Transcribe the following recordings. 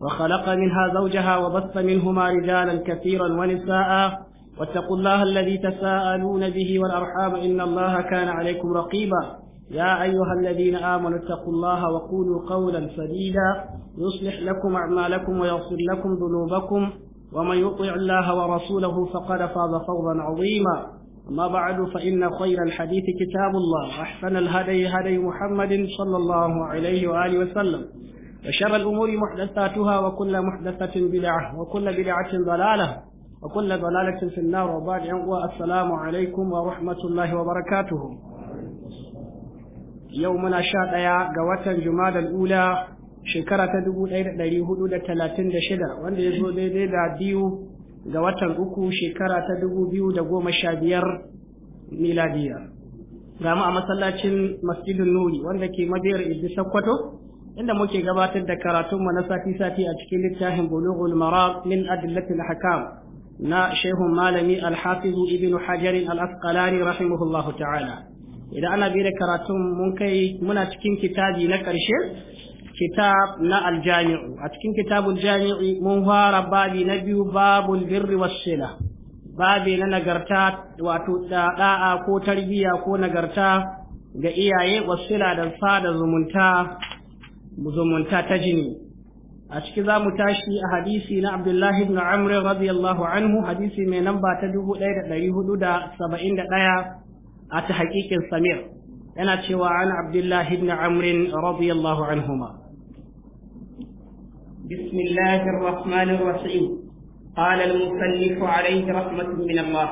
وخلق منها زوجها وبث منهما رجالا كثيرا ونساء واتقوا الله الذي تساءلون به والأرحام إن الله كان عليكم رقيبا يا أيها الذين آمنوا اتقوا الله وقولوا قولا سديدا يصلح لكم أعمالكم ويغفر لكم ذنوبكم ومن يطع الله ورسوله فقد فاز فوضا عظيما أما بعد فإن خير الحديث كتاب الله أحسن الهدي هدي محمد صلى الله عليه وآله وسلم وشر الأمور محدثاتها وكل محدثة بدعة وكل بدعة ضلالة وكل ضلالة في النار وبعد السلام عليكم ورحمة الله وبركاته يوم شاد يا قوة الجماد الأولى شكرة تدبو لأي هدود تلاتين دشدة واند يزو دي دي ديو قوة الأكو شكرة تدبو بيو دقو مشابير ميلادية gama مسلاة masallacin النوري nuri wanda ke madiyar idris inda muke gabatar da karatunmu na sati-sati a cikin littafin bulughul Mara, min adillatil hakam na shehun malami alhafizu ibnu hajarin al-asqalani rahimahullahu ta'ala idan ana bi da karatun mun kai muna cikin kitabi na ƙarshe kitab na aljami'u a cikin kitabul jami'i mun fara babi na biyu babul birri wassila babi na nagarta wato da'a ko tarbiyya ko nagarta ga iyaye wassila da sada zumunta zumunta ta jini a ciki za mu tashi a hadisi na abdullahi ibn amr radiyallahu anhu hadisi mai namba ta dubu ɗaya da ɗari hudu da saba'in da ɗaya a ta haƙiƙin samir yana cewa an abdullahi ibn amr radiyallahu anhuma بسم الله الرحمن الرحيم قال المصنف عليه رحمة من الله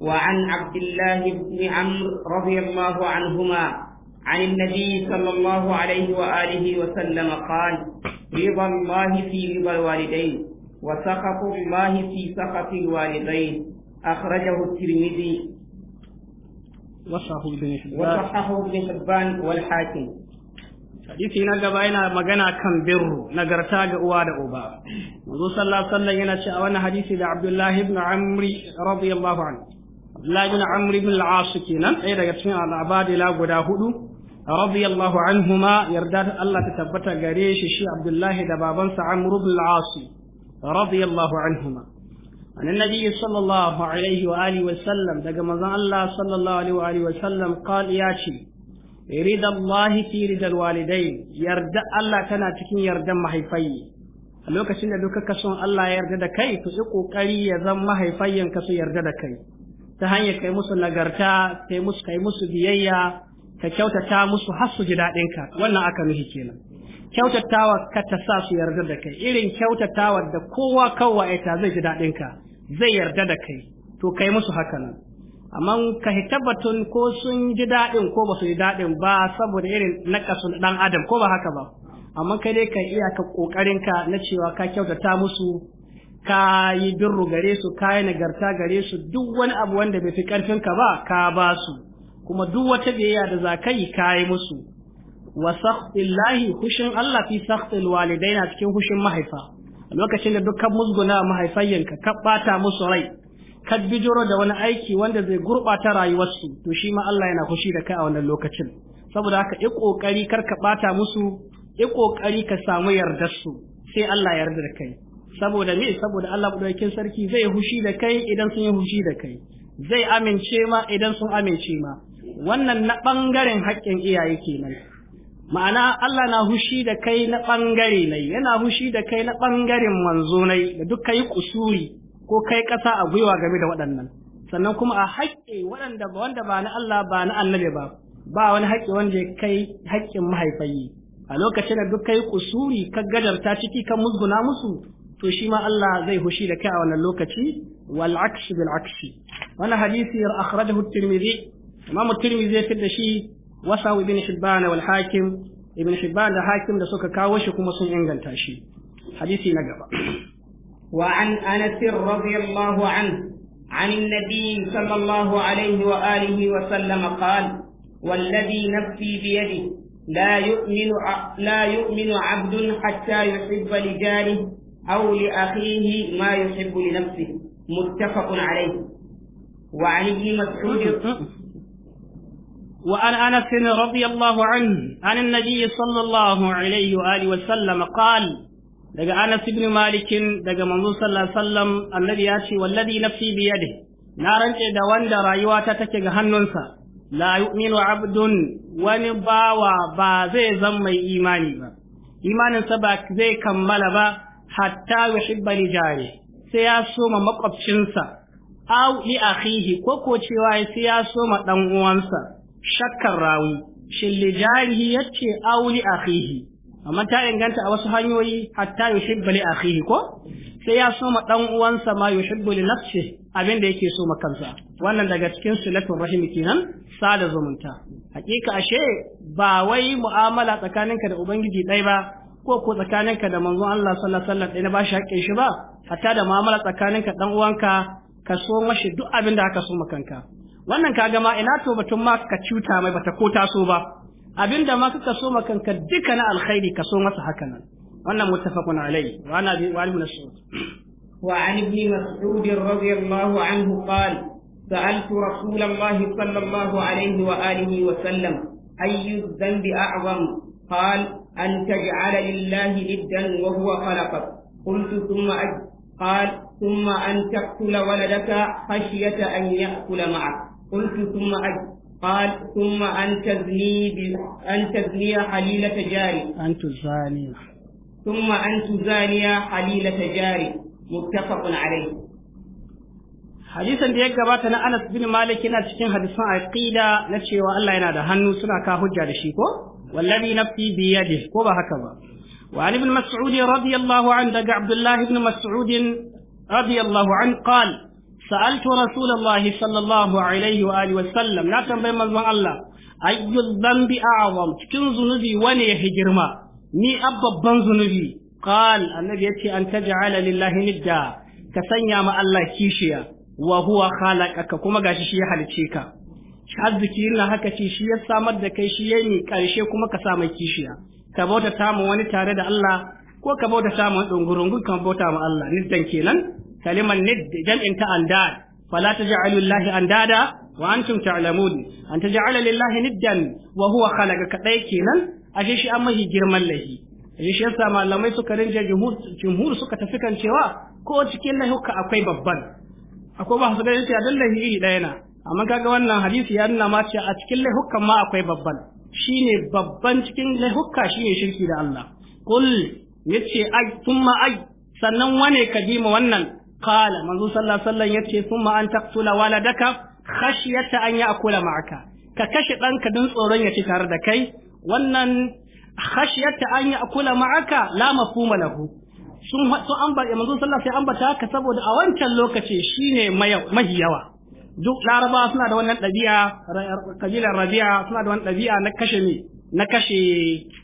وعن عبد الله بن عمرو رضي الله عنهما عن النبي صلى الله عليه وآله وسلم قال رضا الله في رضا الوالدين وسخط الله في سخط الوالدين أخرجه الترمذي وصححه ابن حبان والحاكم hadisi na gaba yana magana kan birru nagarta ga uwa da uba manzo sallallahu alaihi wasallam yana cewa wannan hadisi da Abdullahi ibn Amri radiyallahu anhu Abdullahi ibn Amr ibn al-As kenan ɗaya daga cikin al guda hudu radiyallahu anhuma yarda Allah ta tabbata gare shi shi Abdullahi da babansa Amr ibn al-As radiyallahu anhuma an annabi sallallahu alaihi wa alihi wa sallam daga mazan Allah sallallahu wa sallam qal ya ce rida Allah fi walidai yarda Allah tana cikin yardan mahaifai a lokacin da duka kason Allah ya yarda da kai to yi kokari ya zan mahaifayyan ka su yarda da kai ta hanyar kai musu nagarta kai musu kai musu biyayya ka kyautata musu har su ji daɗin wannan aka nuhi kenan kyautatawa ka ta sa su yarda da kai irin kyautatawa da kowa kawwa ita zai ji daɗin ka zai yarda da kai to kai musu haka nan amma ka tabbatun ko sun ji daɗin ko ba su ji daɗin ba saboda irin nakasun ɗan adam ko ba haka ba amma kai dai ka iya ka ƙoƙarin ka na cewa ka kyautata musu ka yi birru gare su ka yi nagarta gare su duk wani abu wanda bai fi ƙarfinka ba ka ba su kuma duk wata biyayya da za ka yi yi musu wa sakhillahi hushin Allah fi walidai walidaina cikin hushin mahaifa lokacin da dukkan musguna mahaifayyanka ka bata musu rai ka bijiro da wani aiki wanda zai gurɓata rayuwarsu to shi ma Allah yana fushi da kai a wannan lokacin saboda haka yi ƙoƙari kar ka ɓata musu yi ƙoƙari ka samu yardar su sai Allah yarda da kai saboda me saboda Allah madaukakin sarki zai hushi da kai idan sun yi hushi da kai zai amince ma idan sun amince ma wannan na ɓangaren haƙƙin iyaye kenan ma'ana Allah na hushi da kai na ɓangare ne yana hushi da kai na ɓangaren manzo da duk kai kusuri ko kai ƙasa a gwiwa game da waɗannan sannan kuma a haƙƙi waɗanda wanda ba na Allah ba na annabi ba ba wani haƙƙi wanda ya kai haƙƙin mahaifayi a lokacin da duk kai kusuri ka gadarta ciki ka musguna musu to shi ma Allah zai hushi da kai a wannan lokaci wal akshi bil akshi wannan hadisi akhrajahu at-tirmidhi imam zai fi da shi wasa ibn hibban wal hakim ibn da hakim da suka kawo shi kuma sun inganta shi hadisi na gaba wa an anas radiyallahu anhu عن النبي صلى الله عليه وآله وسلم قال والذي نفسي بيده لا يؤمن لا يؤمن عبد حتى يحب لجاره أو لأخيه ما يحب لنفسه متفق عليه وعن ابن مسعود وعن أنس رضي الله عنه عن النبي صلى الله عليه وآله وسلم قال دقى أنس بن مالك دقى منذ صلى الله عليه وسلم الذي يأتي والذي نفسي بيده نارا إذا وند رايواتا تكيغ هنونسا لا يؤمن عبد ونباوى بازي زم إيماني با إيمان سبا زي كمال با حتى يحب لجاره سياسو مقبشنسا أو لأخيه كوكو تشيواي سياسو مدنوانسا shakkar rawi shin li jarihi yace auli akhihi amma ta inganta a wasu hanyoyi hatta yuhibbu li akhihi ko sai ya soma dan uwansa ma yuhibbu li nafsi abin da yake soma kansa wannan daga cikin sulatul rahim kenan sada zumunta hakika ashe ba wai mu'amala tsakaninka da ubangiji dai ba ko ko tsakaninka da manzon Allah sallallahu alaihi wasallam ba shi haƙƙin shi ba hatta da mu'amala tsakaninka dan uwanka ka so mashi duk abin da aka so kanka. wannan kaga ma ina to batun ma ka cuta mai bata ko taso ba abinda ma kaka so duka na alkhairi ka so masa haka nan wannan muttafaqun alayhi wa ana bi wa'al mas'ud wa an bi mas'ud radiyallahu anhu qala ثم أن تقتل ولدك خشية أن يأكل معك قلت ثم أجل قال ثم أن تزني ب... أن تزني حليلة جاري أن تزاني ثم أن تزاني حليلة جاري متفق عليه hadisan da ya gabata na Anas bin Malik yana cikin hadisan aqida na cewa Allah yana da hannu suna ka hujja da shi ko wallazi nafsi bi yadihi ko ba haka ba wa ibn mas'ud radiyallahu anhu daga Abdullah ibn mas'ud radiyallahu anhu qala sa'altu rasulullahi sallallahu alaihi wa alihi wasallam na tambayi manzon Allah ayyu dhanbi zunubi wane ya ni ababban zunubi qal yace an taj'ala lillahi nidda ka sanya ma Allah kishiya wa huwa khalaqaka kuma gashi ka arziki na haka ce shi ya samar da kai shi ya yi karshe kuma ka sa kishiya ka bauta ta wani tare da Allah ko ka bauta ta mu dungurungun ka bauta mu Allah niddan kenan kalimar nid jam'in ta andad fala taj'alu lillahi andada wa antum ta'lamun an taj'ala lillahi niddan wa huwa khalaqa kenan ashe shi an mahi girman lahi ashe shi yasa malamai suka rinje jumhur suka tafi kan cewa ko cikin lahuka akwai babban akwai ba su ganin cewa dan lahi iri daya na amma kaga wannan hadisi ya nuna ma a cikin lahukan ma akwai babban shine babban cikin laihuka shine shirki da Allah kul yace ai thumma ai sannan wane kadima wannan qala manzo sallallahu alaihi wasallam yace thumma an taqtula waladaka khashyata an ya'kula ma'aka ka kashe ɗanka don tsoron ya ci tare da kai wannan khashyata an ya'kula ma'aka la mafhuma lahu sun sun an bar manzo sallallahu alaihi wasallam sai haka saboda a wancan lokaci shine mahi yawa duk laraba suna da wannan ɗabi'a kabilar rabi'a suna da wannan ɗabi'a na kashe ne na kashe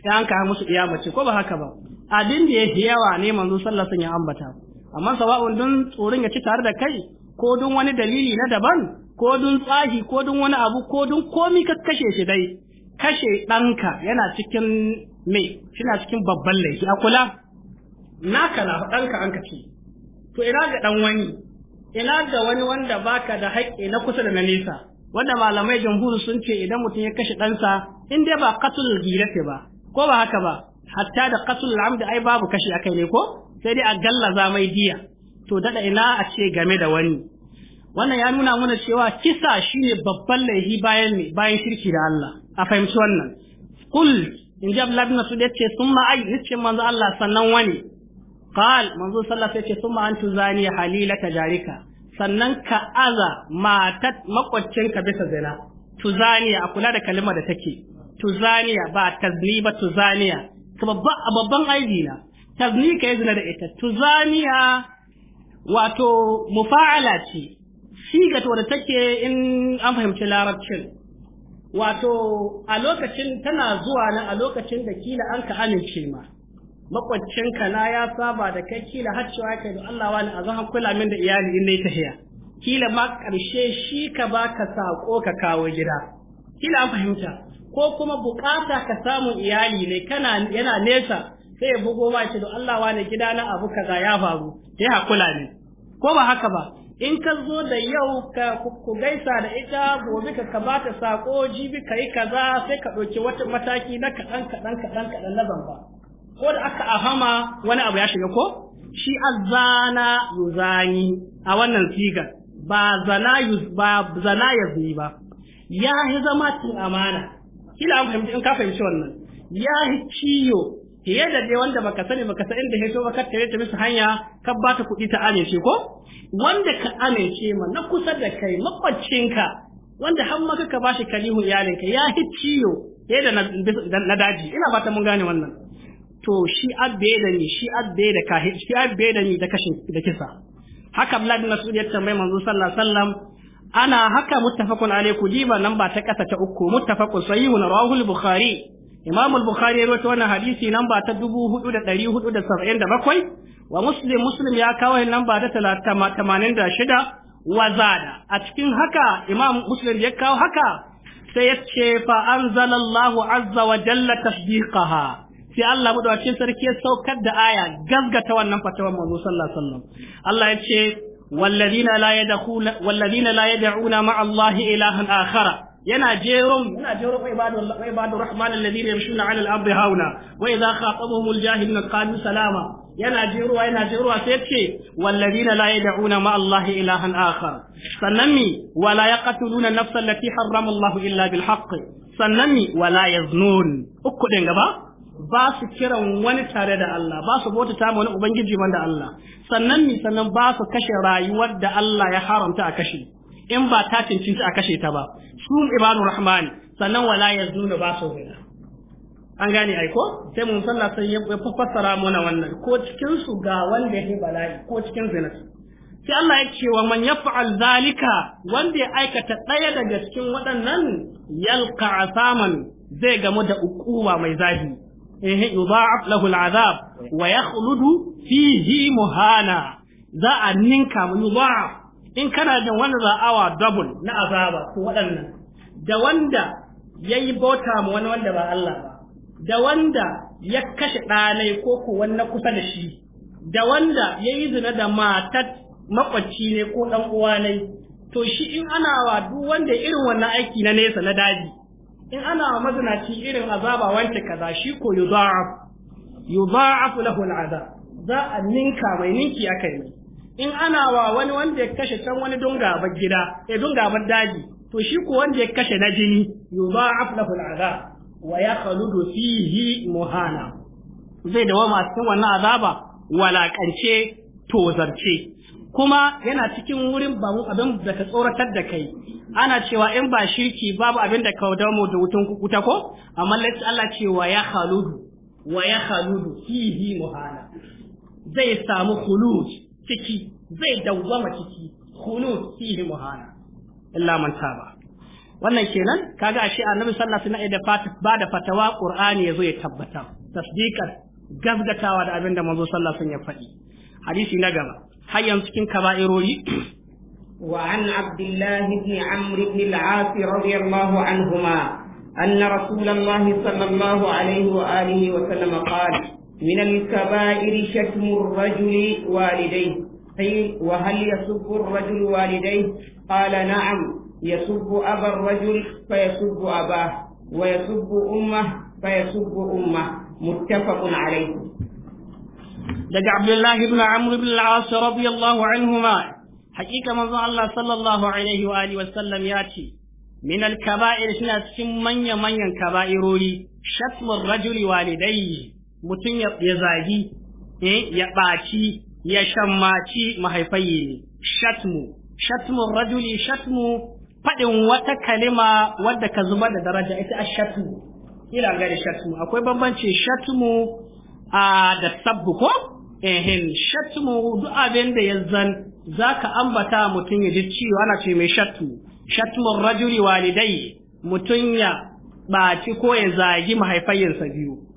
ya an musu iya mace ko ba haka ba abin da ya yawa ne manzo sallallahu alaihi wasallam ya ambata amma sawa'un dun tsoron ya ci tare da kai ko dun wani dalili na daban ko dun tsahi ko dun wani abu ko dun komi ka kashe shi dai kashe ɗanka yana cikin me yana cikin babban laifi a kula Na na ɗanka an ka ci to ina ga ɗan wani ina ga wani wanda baka da haƙƙi na kusa da na nesa wanda malamai jamhuri sun ce idan mutum ya kashe ɗansa in dai ba katul girate ba ko ba haka ba hatta da katul amda ai babu kashe akai ne ko sai dai a gallaza mai diya to daɗe ina a ce game da wani wannan ya nuna mana cewa kisa shine babban laifi bayan ne bayan shirki da Allah a fahimci wannan kul in ji Abdullahi bin Mas'ud yace summa ai yace manzo Allah sannan wani qal manzo sallallahu alaihi wasallam summa antu zani halilata ka, sannan ka aza matat makwaccinka bisa zina tuzaniya a kula da kalmar da take tuzaniya ba tazni ba tuzaniya ka babban aibi na tazni ka yi zina da ita tuzaniya wato mufa'ala ce shi to take in an fahimci larabcin wato a lokacin tana zuwa na a lokacin da kila an ka amince ma makwaccinka na ya saba da kai kila har cewa kai da Allah wani a zahan kula min da iyali in nayi tahiya kila ma karshe shi ka baka sako ka kawo gida kila an fahimta ko kuma bukata ka samu iyali ne kana yana nesa sai ya bugo ma ce da Allah wane gida na abu kaza ya faru ya hakula ne ko ba haka ba in ka zo da yau ka ku gaisa da ita gobe ka ba ta sako jibi ka yi kaza sai ka ɗauki wata mataki na kaɗan kaɗan kaɗan kaɗan na zamba ko da aka ahama wani abu ya shiga ko shi azana yuzani a wannan sigar ba zana ba zana ya ba ya yi zama cin amana kila an fahimci in ka fahimci wannan ya yi fiye da dai wanda baka sani baka san inda hito baka tare ta musu hanya ka ba ta kuɗi ta amince ko wanda ka amince ma na kusa da kai makwacinka wanda har maka ka bashi iyalin ka ya hi ciyo fiye da na daji ina ba ta mun gane wannan to shi abbe da ni shi abbe da kahi shi abbe da ni da kashin da kisa haka Abdullahi bin Mas'ud ya tambaye manzo sallallahu alaihi wasallam ana haka muttafaqun alaihi jiba nan ba ta kasa ta uku muttafaqun sahihun rawahu bukhari Imam al-Bukhari ya rawaito wannan hadisi namba ta 4477 wa Muslim Muslim ya kawo namba ta 86 wa zada a cikin haka Imam Muslim ya kawo haka sai ya ce fa anzalallahu azza wa jalla tasdiqaha sai Allah mudawacin sarki ya saukar da aya gaggata wannan fatawar manzo sallallahu alaihi wasallam Allah ya ce والذين لا يدعون والذين لا يدعون مع الله إلها آخر yana jeron yana jeron wa ibadu wa ibadu rahman alladhina yamshuna 'ala al-ardi hauna wa idha khatabahum al-jahilun qalu salama yana jeruwa yana jeruwa sai ce walladina la yad'una ma Allah ilahan akhar sannan mi wala yaqtuluna nafsa allati harrama Allah illa bil haqq sannan mi wala yaznun uku din gaba ba su kiran wani tare da Allah ba su bauta ta wani ubangiji banda Allah sannan ni sannan ba su kashe rayuwar da Allah ya haramta a kashe in ba ta cincinta a kashe ta ba su ibanu rahman sannan wala yazuna ba su zina an gane ai ko sai mun sallah sai ya fassara mana wannan ko cikin su ga wanda ya bala'i ko cikin zina sai Allah ya ce wa man yaf'al zalika wanda ya aikata ɗaya daga cikin waɗannan yalqa asaman zai gamu da ukuwa mai zafi eh yudha'af lahu al'azab wa yakhludu fihi muhana za a ninka mu yudha'af in kana jin wani za'awa double na azaba ko waɗannan da wanda ya yi bauta ma wani wanda ba Allah ba da wanda ya kashe ɗanai ko ko wani kusa da shi da wanda ya yi zina da matar makwacci ne ko ɗan uwa ne to shi in ana wa duk wanda irin wannan aiki na nesa na daji in ana wa mazinaci irin azaba wanke kaza shi ko yuza'af yuza'af lahu al'adab za a ninka mai ninki akai in ana wa wani wanda ya kashe can wani don gida eh don daji to shi ko wanda ya kashe na jini yudha'af lahu al'azab wa yakhludu fihi muhana zai masu cikin wannan azaba walakance tozarce kuma yana cikin wurin mu abin da ka tsoratar da kai ana cewa in ba shirki babu abin da ka damu da wutan kukuta ko amma lati Allah cewa ya khaludu wa ya khaludu fihi muhana zai samu khuluj ciki zai dawwama ciki khulud fihi muhana illa man taba wannan kenan kaga ashe annabi sallallahu alaihi wasallam da fata ba da fatawa qur'ani yazo ya tabbata tasdiqan gazgatawa da abinda manzo sallallahu alaihi wasallam ya faɗi hadisi na gaba har yanzu cikin kaba'irori وعن عبد الله بن عمرو بن العاص رضي الله عنهما أن رسول الله صلى الله عليه وآله وسلم قال من الكبائر شتم الرجل والديه أي وهل يسب الرجل والديه قال نعم يسب أبا الرجل فيسب أباه ويسب أمه فيسب أمه متفق عليه دق عبد الله بن عمرو بن العاص رضي الله عنهما حقيقة من الله صلى الله عليه وآله وسلم يأتي من الكبائر شنا من من كبائر شتم الرجل والديه mutum ya zagi eh ya ɓaci ya shammaci mahaifayi ne shatmu shatmun rajuli shatmu faɗin wata kalima wadda ka zuba da daraja ita a shatmu ila gari shatmu akwai bambanci shatmu a da sabbu ko shatmu duk abin da ya zan za ka ambata mutum ya ji ciwo ana ce mai shatmu shatmu rajuli walidai mutum ya ɓaci ko ya zagi mahaifayensa biyu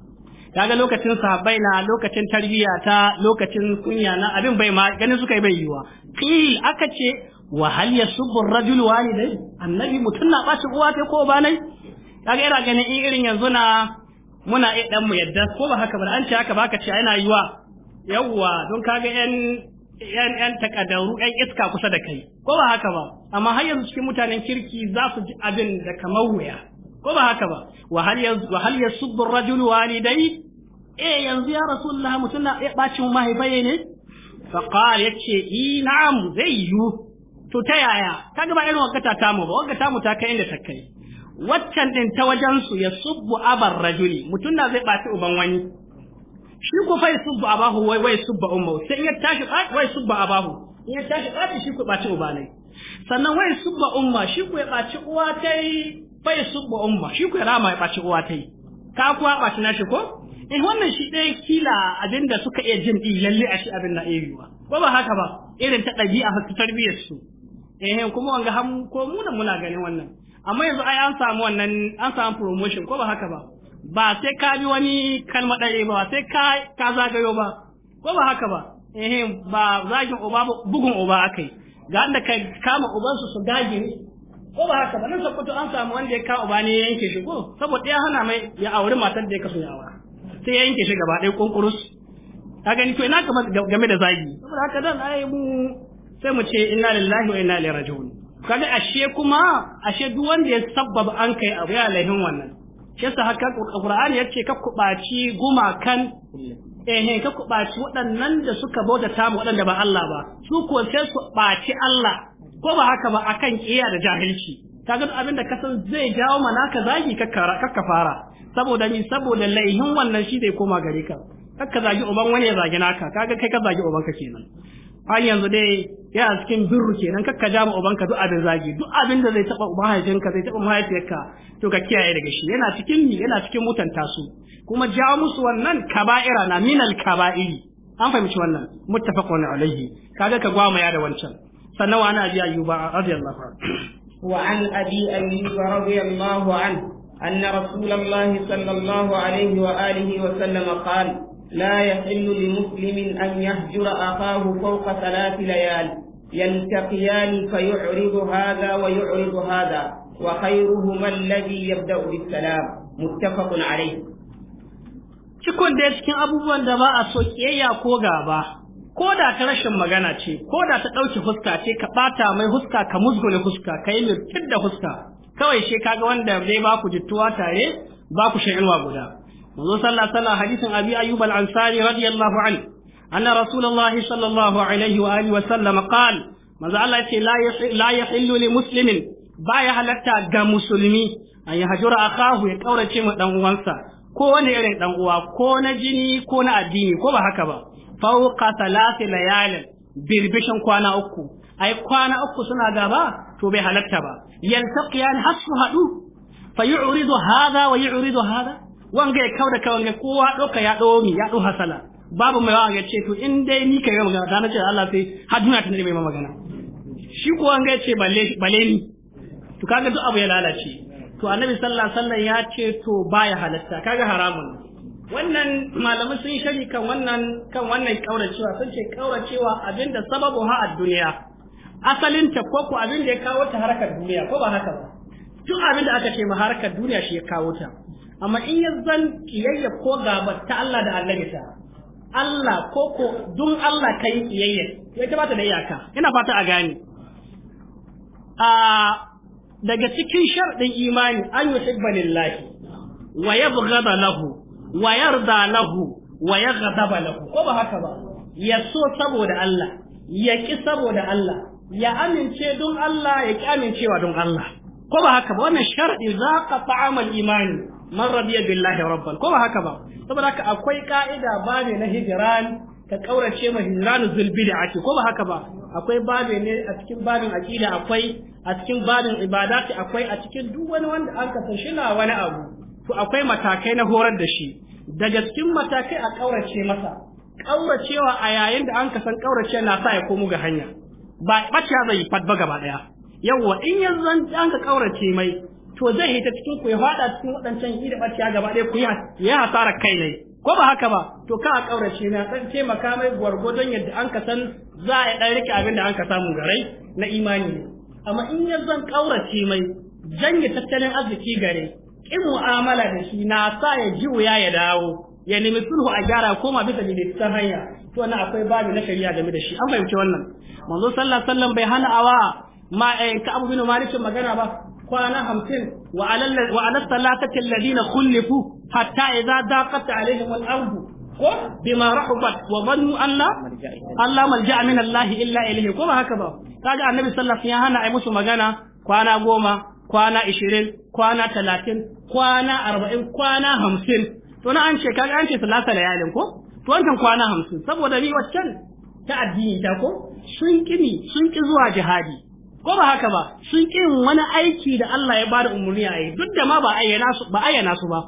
kaga lokacin sahabbai na lokacin tarbiyya ta lokacin kunya na abin bai ma ganin suka yi bai yiwa qil aka ce wa hal yasubbu ar-rajul walidai annabi mutun na bashi uwa ta ko ba nai kaga ira ganin in irin yanzu na muna iya dan mu yadda ko ba haka ba an ce haka baka ce yana yiwa yawwa don kaga yan yan yan takadaru yan iska kusa da kai ko ba haka ba amma har yanzu cikin mutanen kirki za su ji abin da kamar wuya ko ba haka ba wa hal yanzu wa hal yasubbu ar-rajul walidai eh yanzu ya rasulullah mutum na ya bacin mahaifaye ne fa qal yace i na'am zai yu to ta yaya kaga ba irin wakata ta mu ba wakata mu ta kai inda ta kai waccan din ta wajen su yasubbu abar rajuli mutuna zai baci uban wani shi ko fa yasubbu abahu wai wai subba ummu sai ya tashi wai subba abahu ya tashi fa shi ko ɓaci uba ne sannan wai subba umma shi ko ya ɓaci uwa ta yi bai subba umma shi ku rama ya baci uwa tai ka kuwa baci na shi ko in eh, wannan shi ɗaya kila abinda suka iya jin din lalle a shi abin na iya ko ba haka ba irin ta ɗabi'a ta tarbiyyar su eh kuma wanga ham ko mu muna ganin wannan amma yanzu ai an samu wannan an samu promotion ko ba haka ba ba sai ka bi wani kalma dare ba sai ka ka zagayo ba ko ba haka ba eh ba zagin uba bugun uba akai ga da ka kama ubansu su gage ko ba haka ba nan sakkwato an samu wanda ya kawo ba ne ya yanke shi ko saboda ya hana mai ya auri matar da ya kaso yawa sai ya yanke shi gaba ɗaya kunkurus ka gani to ina kama game da zagi saboda haka dan ai mu sai mu ce inna lillahi wa inna ilaihi raji'un kaga ashe kuma ashe duk wanda ya sabbaba an kai abu ya lahin wannan shi yasa haka Qur'ani yace ka kubaci gumakan eh ka kubaci waɗannan da suka bauta ta mu waɗanda ba Allah ba su ko sai su baci Allah ko ba haka ba akan iya da jahilci kaga duk abin da ka san zai jawo mana ka zagi ka fara saboda ni saboda laihin wannan shi zai koma gare ka kakka zagi uban wani ya zagi naka kaga kai ka zagi ka kenan a yanzu dai yana cikin birru kenan kaka ja uban ka duk abin zagi duk abin da zai taba ka, zai taba ka, to ka kiyaye daga shi yana cikin ni yana cikin mutanta su kuma jawo musu wannan kaba'ira na minal kaba'iri an fahimci wannan muttafaqun alaihi kaga ka gwamaya da wancan sannan عن أبي أيوب رضي الله عنه وعن أبي أيوب رضي الله عنه أن رسول الله صلى الله عليه وآله وسلم قال لا يحل لمسلم أن يهجر أخاه فوق ثلاث ليال يلتقيان فيعرض هذا ويعرض هذا وخيرهما الذي يبدأ بالسلام متفق عليه شكون داش cikin أبو da ba a so ko da ta rashin magana ce ko da ta ɗauki huska ce ka ɓata mai huska ka musgule huska ka yi mirtin da huska kawai shi kaga wanda zai ba ku jittuwa tare ba ku shan guda manzo sallallahu alaihi hadisin abi ayyub al-ansari radiyallahu anhu anna rasulullahi sallallahu alaihi wa alihi wa sallam qala manzo Allah ce la yahillu li muslimin ya halatta ga musulmi an ya a kahu ya kaurace ma dan uwansa ko wani irin dan uwa ko na jini ko na addini ko ba haka ba fauka salasi layalin birbishin kwana uku ai kwana uku suna gaba to bai halatta ba yaltaqiyan hasu hadu fa yu'ridu hadha wa yu'ridu hadha wanga ya kauda ka wanga kowa doka ya do mi ya do hasala babu mai wanga ce to in dai ni kai magana da ce Allah sai haduna tun mai magana shi ko wanga ya ce balle balle ni to kaga duk abu ya lalace to annabi sallallahu alaihi wasallam ya ce to baya halatta kaga haramun wannan malamai sun shari kan wannan kan wannan kauracewa sun ce kauracewa abinda sababu ha a duniya asalin ta ko ko abin ya kawo ta harkar duniya ko ba haka ba duk abinda aka ce ma harkar duniya shi ya kawo ta amma in ya zan kiyayya ko gaba ta Allah da Annabi ta Allah ko ko dun Allah kai kiyayya ya ta bata da iyaka ina fata a gane a daga cikin sharɗin imani an yuhibba lillahi wa yabghada wa yarda lahu wa yaghdaba lahu ko ba haka ba ya so saboda Allah ya ki saboda Allah ya amince don Allah ya ki amincewa don Allah ko ba haka ba wannan shar'i za ka ta'amal imani man radiya billahi rabban ko ba haka ba saboda haka akwai ka'ida ba ne na hijran ka kaurace ma hijranu zulbi ake ko ba haka ba akwai babe ne a cikin babin aqida akwai a cikin babin ibadati akwai a cikin duk wani wanda an ka san shi na wani abu to akwai matakai na horar da shi daga cikin matakai a ƙaurace masa ƙauracewa a yayin da an kasan ƙaurace na sa ya komo ga hanya ba ɓaciya zai yi fadba gaba ɗaya yawwa in zan an ka ƙaurace mai to zai hita cikin ku ya faɗa cikin waɗancan yi da ɓaciya gaba ɗaya ku ya hasara kai ne ko ba haka ba to ka a ƙaurace na ɗan taimaka mai gwargwadon yadda an kasan za a yi ɗan rike abin da an ka samu garai na imani amma in yanzu zan ƙaurace mai janye tattalin arziki gare in mu'amala da shi na sa ya ji wuya ya dawo ya nemi sulhu a gyara koma bisa daidaitaccen hanya to wannan akwai babu na shari'a game da shi an fahimci wannan manzo sallallahu alaihi wasallam bai hana awa ma eh, ka abu bin malikin magana ba kwana hamsin wa ala salatati alladhina khulifu hatta idza daqat alaihim al-ardu ko bima rahubat wa dhannu anna Allah malja'a min Allah illa ilayhi ko ba haka ba kaga annabi sallallahu alaihi wasallam ya hana ai musu magana kwana goma kwana ishirin kwana talatin kwana arba'in kwana hamsin to na an ce kaga an ce salasa layalin ko to wancan kwana hamsin saboda ni waccan ta addini ta ko sun kini sun ki zuwa jihadi ko ba haka ba sun kin wani aiki da Allah ya bada umurni a duk da ma ba ayyana su ba ayyana su ba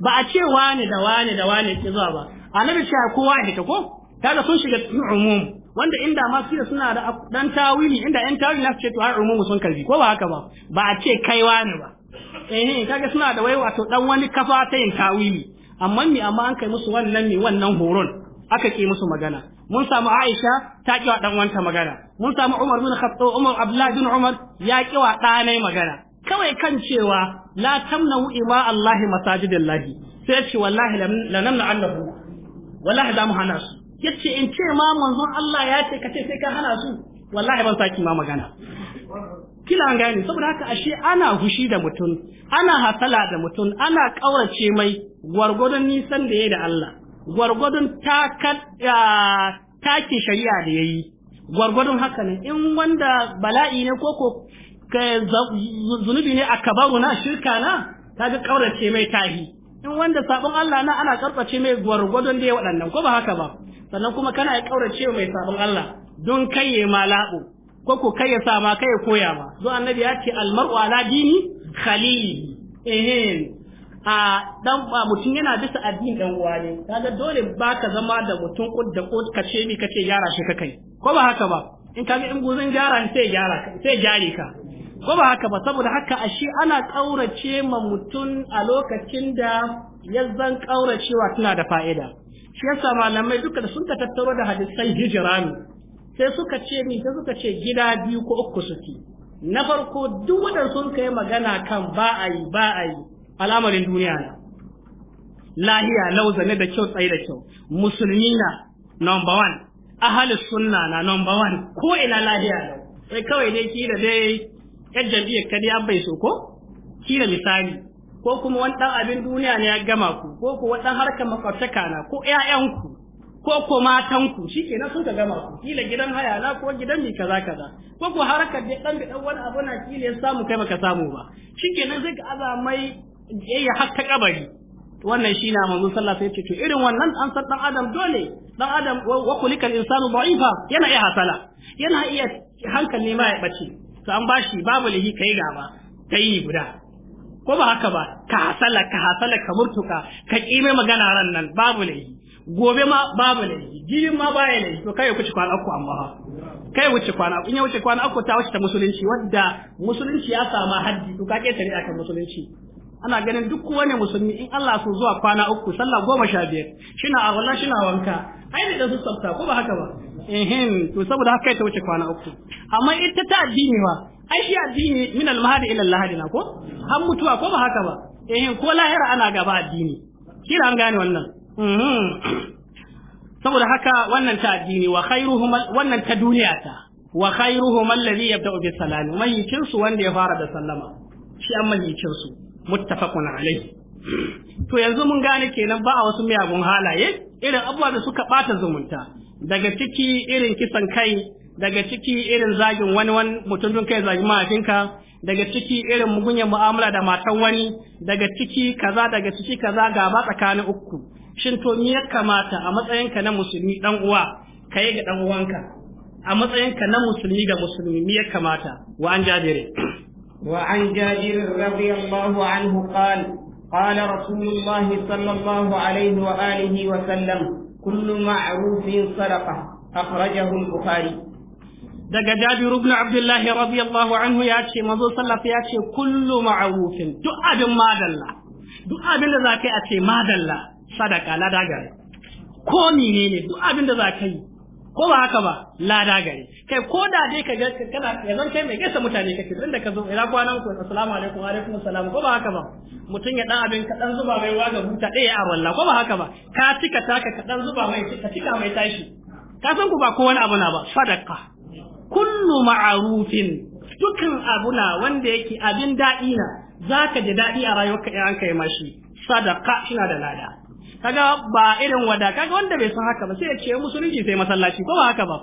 ba a ce wani da wani da wani ki zuwa ba annabi cewa kowa ya ta ko kaga sun shiga umum wanda inda ma kila suna da dan tawili inda yan tawili na ce to har umumu sun karbi ko ba haka ba ba a ce kaiwa ne ba eh kaga suna da wai wato dan wani kafa ta yin tawili amma mi amma an kai musu wannan mi wannan horon aka ke musu magana mun samu Aisha ta kiwa dan wanta magana mun samu Umar bin Khattab Umar Abdullah bin Umar ya kiwa ɗanai magana kawai kan cewa la tamna'u ima Allah masajidillahi sai ce wallahi lanamna annahu wallahi za mu hanasu. yace in ce ma manzon Allah ya ce kace sai ka hana su wallahi ban saki ma magana kila an gane saboda haka ashe ana hushi da mutum ana hasala da mutum ana kaurace mai gwargwadon nisan da yayi da Allah gwargwadon takat take shari'a da yayi gwargwadon haka ne in wanda bala'i ne koko zunubi ne a kabaru na shirka na kaga kaurace mai tahi in wanda sabon Allah na ana karɓace mai gwargwadon da ya waɗannan ko ba haka ba sannan kuma kana ya kaurace mai sabon Allah don kai ya malabo ko ko kai ya sa ma kai ya koya ma zo annabi ya ce mar'u ala dini khalili ehin a dan ba mutum yana bisa addinin dan uwa ne kaga dole ba ka zama da mutum da ko ka ce mi kace gyara shi ka kai ko ba haka ba in kaga in guzin gyara sai gyara sai gyare ka ko ba haka ba saboda haka a shi ana ƙaurace ma mutum a lokacin da ya zan ƙauracewa tana da fa'ida shi yasa malamai duka da sun ka tattaro da hadisai ne, sai suka ce ni sai suka ce gida biyu ko uku suke na farko duk wadanda sun kai magana kan ba a al'amarin duniya na lahiya lauzane da kyau tsaye da kyau musulmi na number one Ahalis sunna na number one ko ina lahiya lau sai kawai dai ki da dai yan jam'iyyar ka an bai so ko kila misali ko kuma wani ɗan abin duniya ne ya gama ku ko ko wani ɗan harkar makwabtaka na ko ƴaƴanku ko ko matanku shikenan sun ka gama ku kila gidan haya na ko gidan mi kaza kaza ko ko harkar da dan dan wani abu na kila ya samu kai baka samu ba shikenan zai ka aza mai yayi hakka kabari wannan shi na manzon sallah sai ce to irin wannan an san ɗan adam dole ɗan adam wa kulikal insanu da'ifa yana iya hasala yana iya hankali ma ya bace to an bashi babu lahi kai gaba kai guda ko ba haka ba ka hasala ka hasala ka murtuka ka kime magana ran nan babu lahi gobe ma babu lahi jirin ma baya lahi to kai wuce kwana uku amma ha kai wuce kwana in ya wuce kwana uku ta wuce ta musulunci wadda musulunci ya sama haddi to ka ketare akan musulunci ana ganin duk wani musulmi in Allah so zuwa kwana uku sallah goma sha biyar shina a wallah shina wanka ai da su tsafta ko ba haka ba ehin to saboda haka ta wuce kwana uku amma ita ta addini ba ai shi addini min al-mahadi ila al-lahadi na ko an mutuwa ko ba haka ba ehin ko lahira ana gaba addini kira an gane wannan saboda haka wannan ta addini wa khairuhum wannan ta duniya ta wa khairuhum alladhi yabda'u bi salam yikin su wanda ya fara da sallama shi an yikin su muttafaqun alayhi to yanzu mun gane kenan ba a wasu miyagun halaye irin abubuwa da suka bata zumunta daga ciki irin kisan kai daga ciki irin zagin wani wani mutumin kai zagi mahaifinka daga ciki irin mugunyar mu'amala da matan wani daga ciki kaza daga ciki kaza gaba tsakanin uku shin to me ya kamata a matsayinka na musulmi dan uwa kai ga dan uwanka a matsayinka na musulmi ga musulmi me ya kamata wa an jabire wa an jabir radiyallahu anhu qala qala rasulullahi sallallahu alaihi wa alihi wa sallam kullu ma'rufin sadaqa akhrajahu al-bukhari daga Jabiru ibn Abdullahi radiyallahu anhu ya ce mazo sallafa ya ce kullu ma'rufin duk abin madalla duk abin da za ka yi a ce madalla sadaka ladaga ko menene duk abin da za ka yi ko ba haka ba lada gare kai ko da dai ka ga kana yanzu kai mai gaisa mutane kake inda ka zo ina kwanan ku assalamu alaikum wa alaikum assalam ko ba haka ba mutum ya dan abin ka dan zuba mai waga buta ɗaya eh, a walla ko ba haka ba ka tika taka ka dan zuba mai ka tika mai tashi ka san ku ba ko wani abu na ba sadaqa kullu ma'rufin dukkan abu na wanda yake abin daɗi na zaka ji daɗi a rayuwarka idan an kai mashi sadaqa shi na da lada kaga ba irin wada kaga wanda bai san haka ba sai ya ce musulunci sai masallaci ko ba haka ba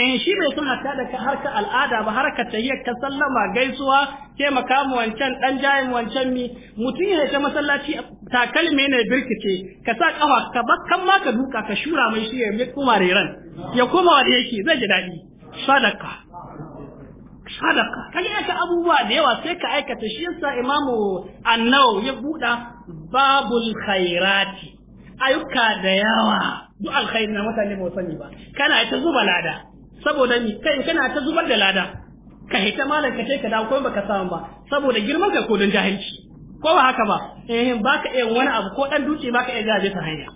eh shi bai san hatta da harka al'ada ba harka yi ka sallama gaisuwa ke makamu wancan dan jayin wancan mi mutum ya ta masallaci takalme ne birkice ka sa kafa ka bakkan ma ka duka ka shura mai shi ya kuma reran ya koma wa yake zai ji daɗi? sadaka sadaka kaje aka abubuwa da yawa sai ka aikata shi yasa imamu annau ya buɗa babul khairati ayyuka da yawa duk alkhairi na mutane ba sani ba kana ta zuba lada saboda ni kai kana ta zubar da lada ka hita malam ka ce ka dawo ko baka samu ba saboda girman ka ko don jahilci ko ba haka ba eh baka iya wani abu ko dan duke baka iya gaje ta hanya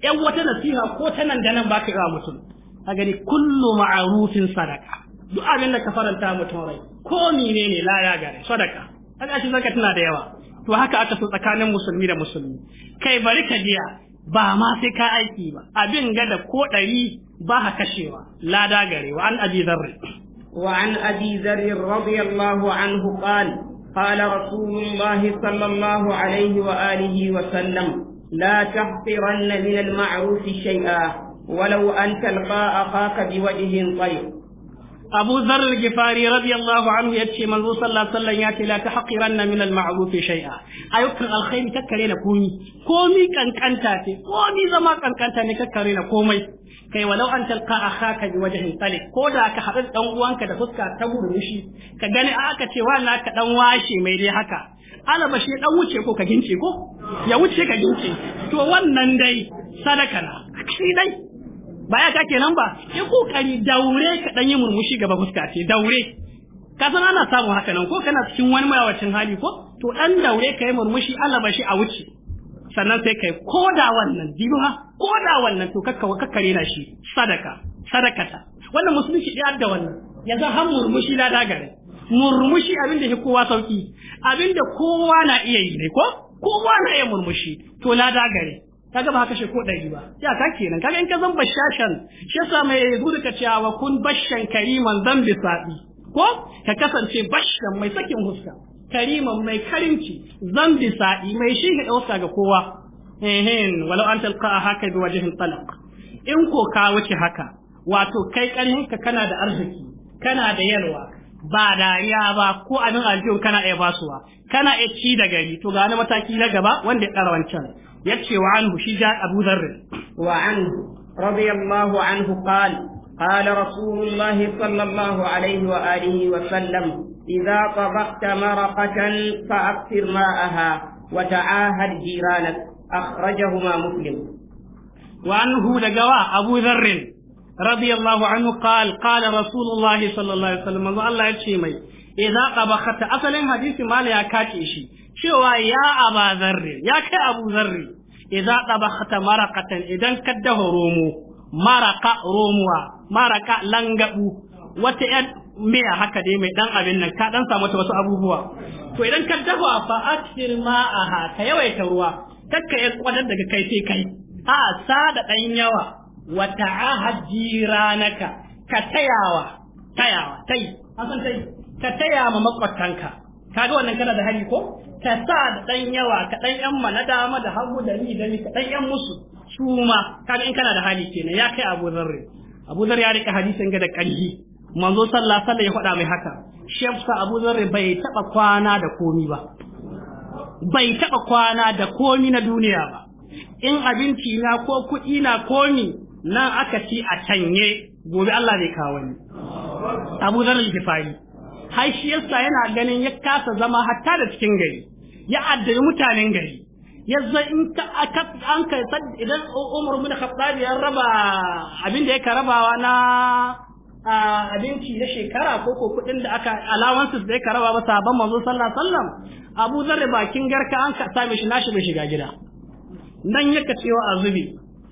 yan wata nasiha ko ta nan da nan baka ga mutum a gani kullu ma'rufin sadaka duk abin da ka faranta mutum rai ko menene la ya gare sadaka kaga shi zaka tana da yawa to haka aka so tsakanin musulmi da musulmi kai bari ka jiya ba ma sai ka aiki ba abin gada ko ɗari ba ha kashewa lada gare wa an abi zarri wa an abi zarri radiyallahu anhu qala qala rasulullahi sallallahu alaihi wa alihi wa sallam la tahqiranna min al-ma'ruf shay'a ولو أن تلقى أخاك بوجه طيب abu zar gifari radiyallahu anhu yace manzo sallallahu alaihi wasallam yace la tahqiranna min al-ma'ruf shay'a ayyukan alkhairi kakkare na komi komi kankanta ce komi zama kankanta ne kakkare na komai kai walau an talqa akhaka bi wajhin talib ko da ka haɗu dan uwanka da fuska ta burmushi ka gani aka ce wannan ka dan washe mai dai haka alaba shi dan wuce ko ka gince ko ya wuce ka gince to wannan dai sadaka na shi dai baya ka kenan ba ki kokari daure ka dan yi murmushi gaba fuska ce daure ka san ana samu haka nan ko kana cikin wani mayawacin hali ko to dan daure ka yi murmushi Allah shi a wuce sannan sai kai koda wannan dibuha koda wannan to kakka kakkare na shi sadaka sadakata wannan musulunci da da wannan yanzu har murmushi da dagare murmushi abinda shi kowa sauki abinda kowa na iya yi ne ko kowa na iya murmushi to na dagare kaga ba kashe ko ɗari ba ya ka kenan kaga in ka zan bashashan shi yasa mai da ka cewa kun bashan kariman zan bi saɓi ko ka kasance bashan mai sakin huska kariman mai karimci zan bi saɓi mai shi ga ɗauka ga kowa ehin walau an talqa haka bi wajhin talaq in ko ka wuce haka wato kai ƙarhin ka kana da arziki kana da yalwa ba dariya ba ko abin aljihun kana iya basuwa kana iya ci da gari to ga mataki na gaba wanda ya tsara wancan ya ce wa anhu shi ja abu zarri wa anhu radiyallahu anhu qal qala rasulullah sallallahu alaihi wa wa sallam idza tabaqta maraqatan fa akthir ma'aha wa ta'ahad jiranak akhrajahu ma muslim wa abu radiyallahu anhu qal qala rasulullahi sallallahu alaihi wasallam manzo Allah ya ce mai idza qabakhata asalin hadisi mala ya kace shi cewa ya aba zarri ya kai abu zarri idza qabakhata maraqatan idan kadda romo maraka romuwa maraka langabu wata yan miya haka dai mai dan abin nan ka dan samu wasu abubuwa to idan ka dafa fa akthir ma'aha ka yawaita ruwa takka ya kwadar daga kai sai kai a sada dan yawa wa ta'ahad jiranaka ka tayawa tayawa tai asan tai ka taya ma makwattanka kaga wannan kana da hari ko ka sa da dan yawa ka dan yan mana dama da hagu da ni da ni ka dan yan musu su ma kaga in kana da hali kenan ya kai Abu Dharr Abu Dharr ya rika hadisin ga da ƙarfi manzo sallah sallah ya faɗa mai haka shefsa Abu Dharr bai taba kwana da komi ba bai taba kwana da komi na duniya ba in abinci na ko kuɗi na komi nan aka ci a canye gobe Allah zai kawo ni Abu Dharr al-Ghifari hai shi yasa yana ganin ya kasa zama hatta da cikin gari ya addabi mutanen gari zai in ka an ka idan Umar bin Khattab ya raba abin da yake rabawa na abinci na shekara ko ko kudin da aka allowances da yake raba ba sahabban manzo sallallahu alaihi wasallam Abu Dharr bakin garka an ka same shi nashi bai shiga gida nan yake cewa azubi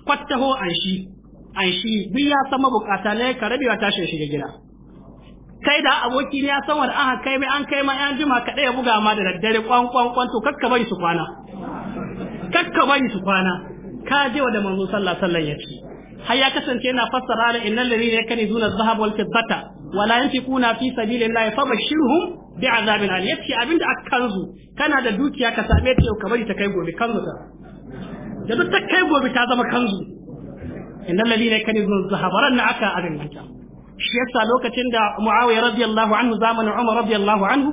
kwattaho an shi an shi duk ya san mabukata ne ka rabewa tashi shiga gida kai da aboki ne ya san wani aka kai mai an kai ma yan jima kaɗai ya buga ma da daddare kwan kwan kwan to kakka bari su kwana kakka bari su kwana ka je wa da manzo sallallahu alaihi wasallam ya har ya kasance yana fassara da innal ladina yakunizuna dhahab wal fiddata wala yanfiquna fi sabilillahi fabashshirhum bi'adabin alim yace abinda aka kanzu kana da dukiya ka same ta yau ka bari ta kai gobe kanzu ta da duk ta kai gobe ta zama kanzu innal ladina yaknizun zahabaran na aka abin ta shi yasa lokacin da muawiya radiyallahu anhu zamanin umar radiyallahu anhu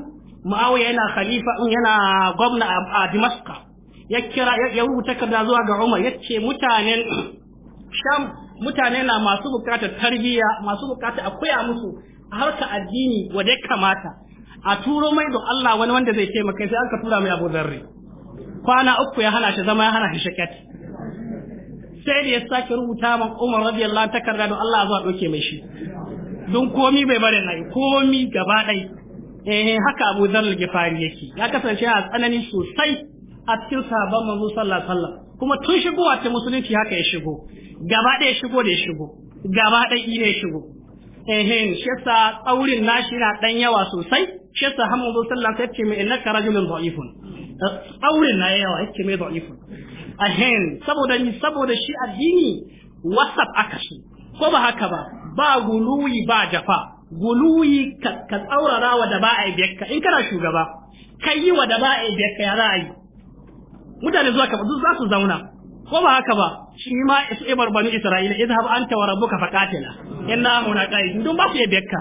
muawiya yana khalifa yana gwamna a dimaska ya kira ya rubuta kada zuwa ga umar yace mutanen sham mutane na masu bukatar tarbiyya masu bukatar a koya musu harka addini wadda ya kamata a turo mai don Allah wani wanda zai taimaka sai an ka tura mai Abu Dharri kwana uku ya hana shi zama ya hana shi shakat sai da ya sake rubuta ma Umar radiyallahu takarda don Allah zuwa doke mai shi don komi bai bari nayi komi gaba dai eh haka Abu Dharr al-Ghifari yake ya kasance a tsanani sosai a cikin sahabban manzo sallallahu alaihi wasallam kuma tun shigowa ta musulunci haka ya shigo gaba ɗaya shigo da ya shigo gaba ɗaya ne ya shigo eh shi yasa tsaurin nashi na dan yawa sosai shi yasa Muhammadu sallallahu alaihi wasallam ya ce mai innaka rajulun dha'ifun tsaurin na yawa yake mai da'ifun ahen saboda ni saboda shi addini wasaf aka shi ko ba haka ba ba guluyi ba jafa guluyi ka tsaurara wa da ba a biyakka in kana shugaba kai yi wa da ba a biyakka ya ra'ayi mutane zuwa ka duk za su zauna ko ba haka ba shi ma su ibar bani isra'ila idhab anta wa rabbuka faqatila inna huna qa'idun dun ba su biyakka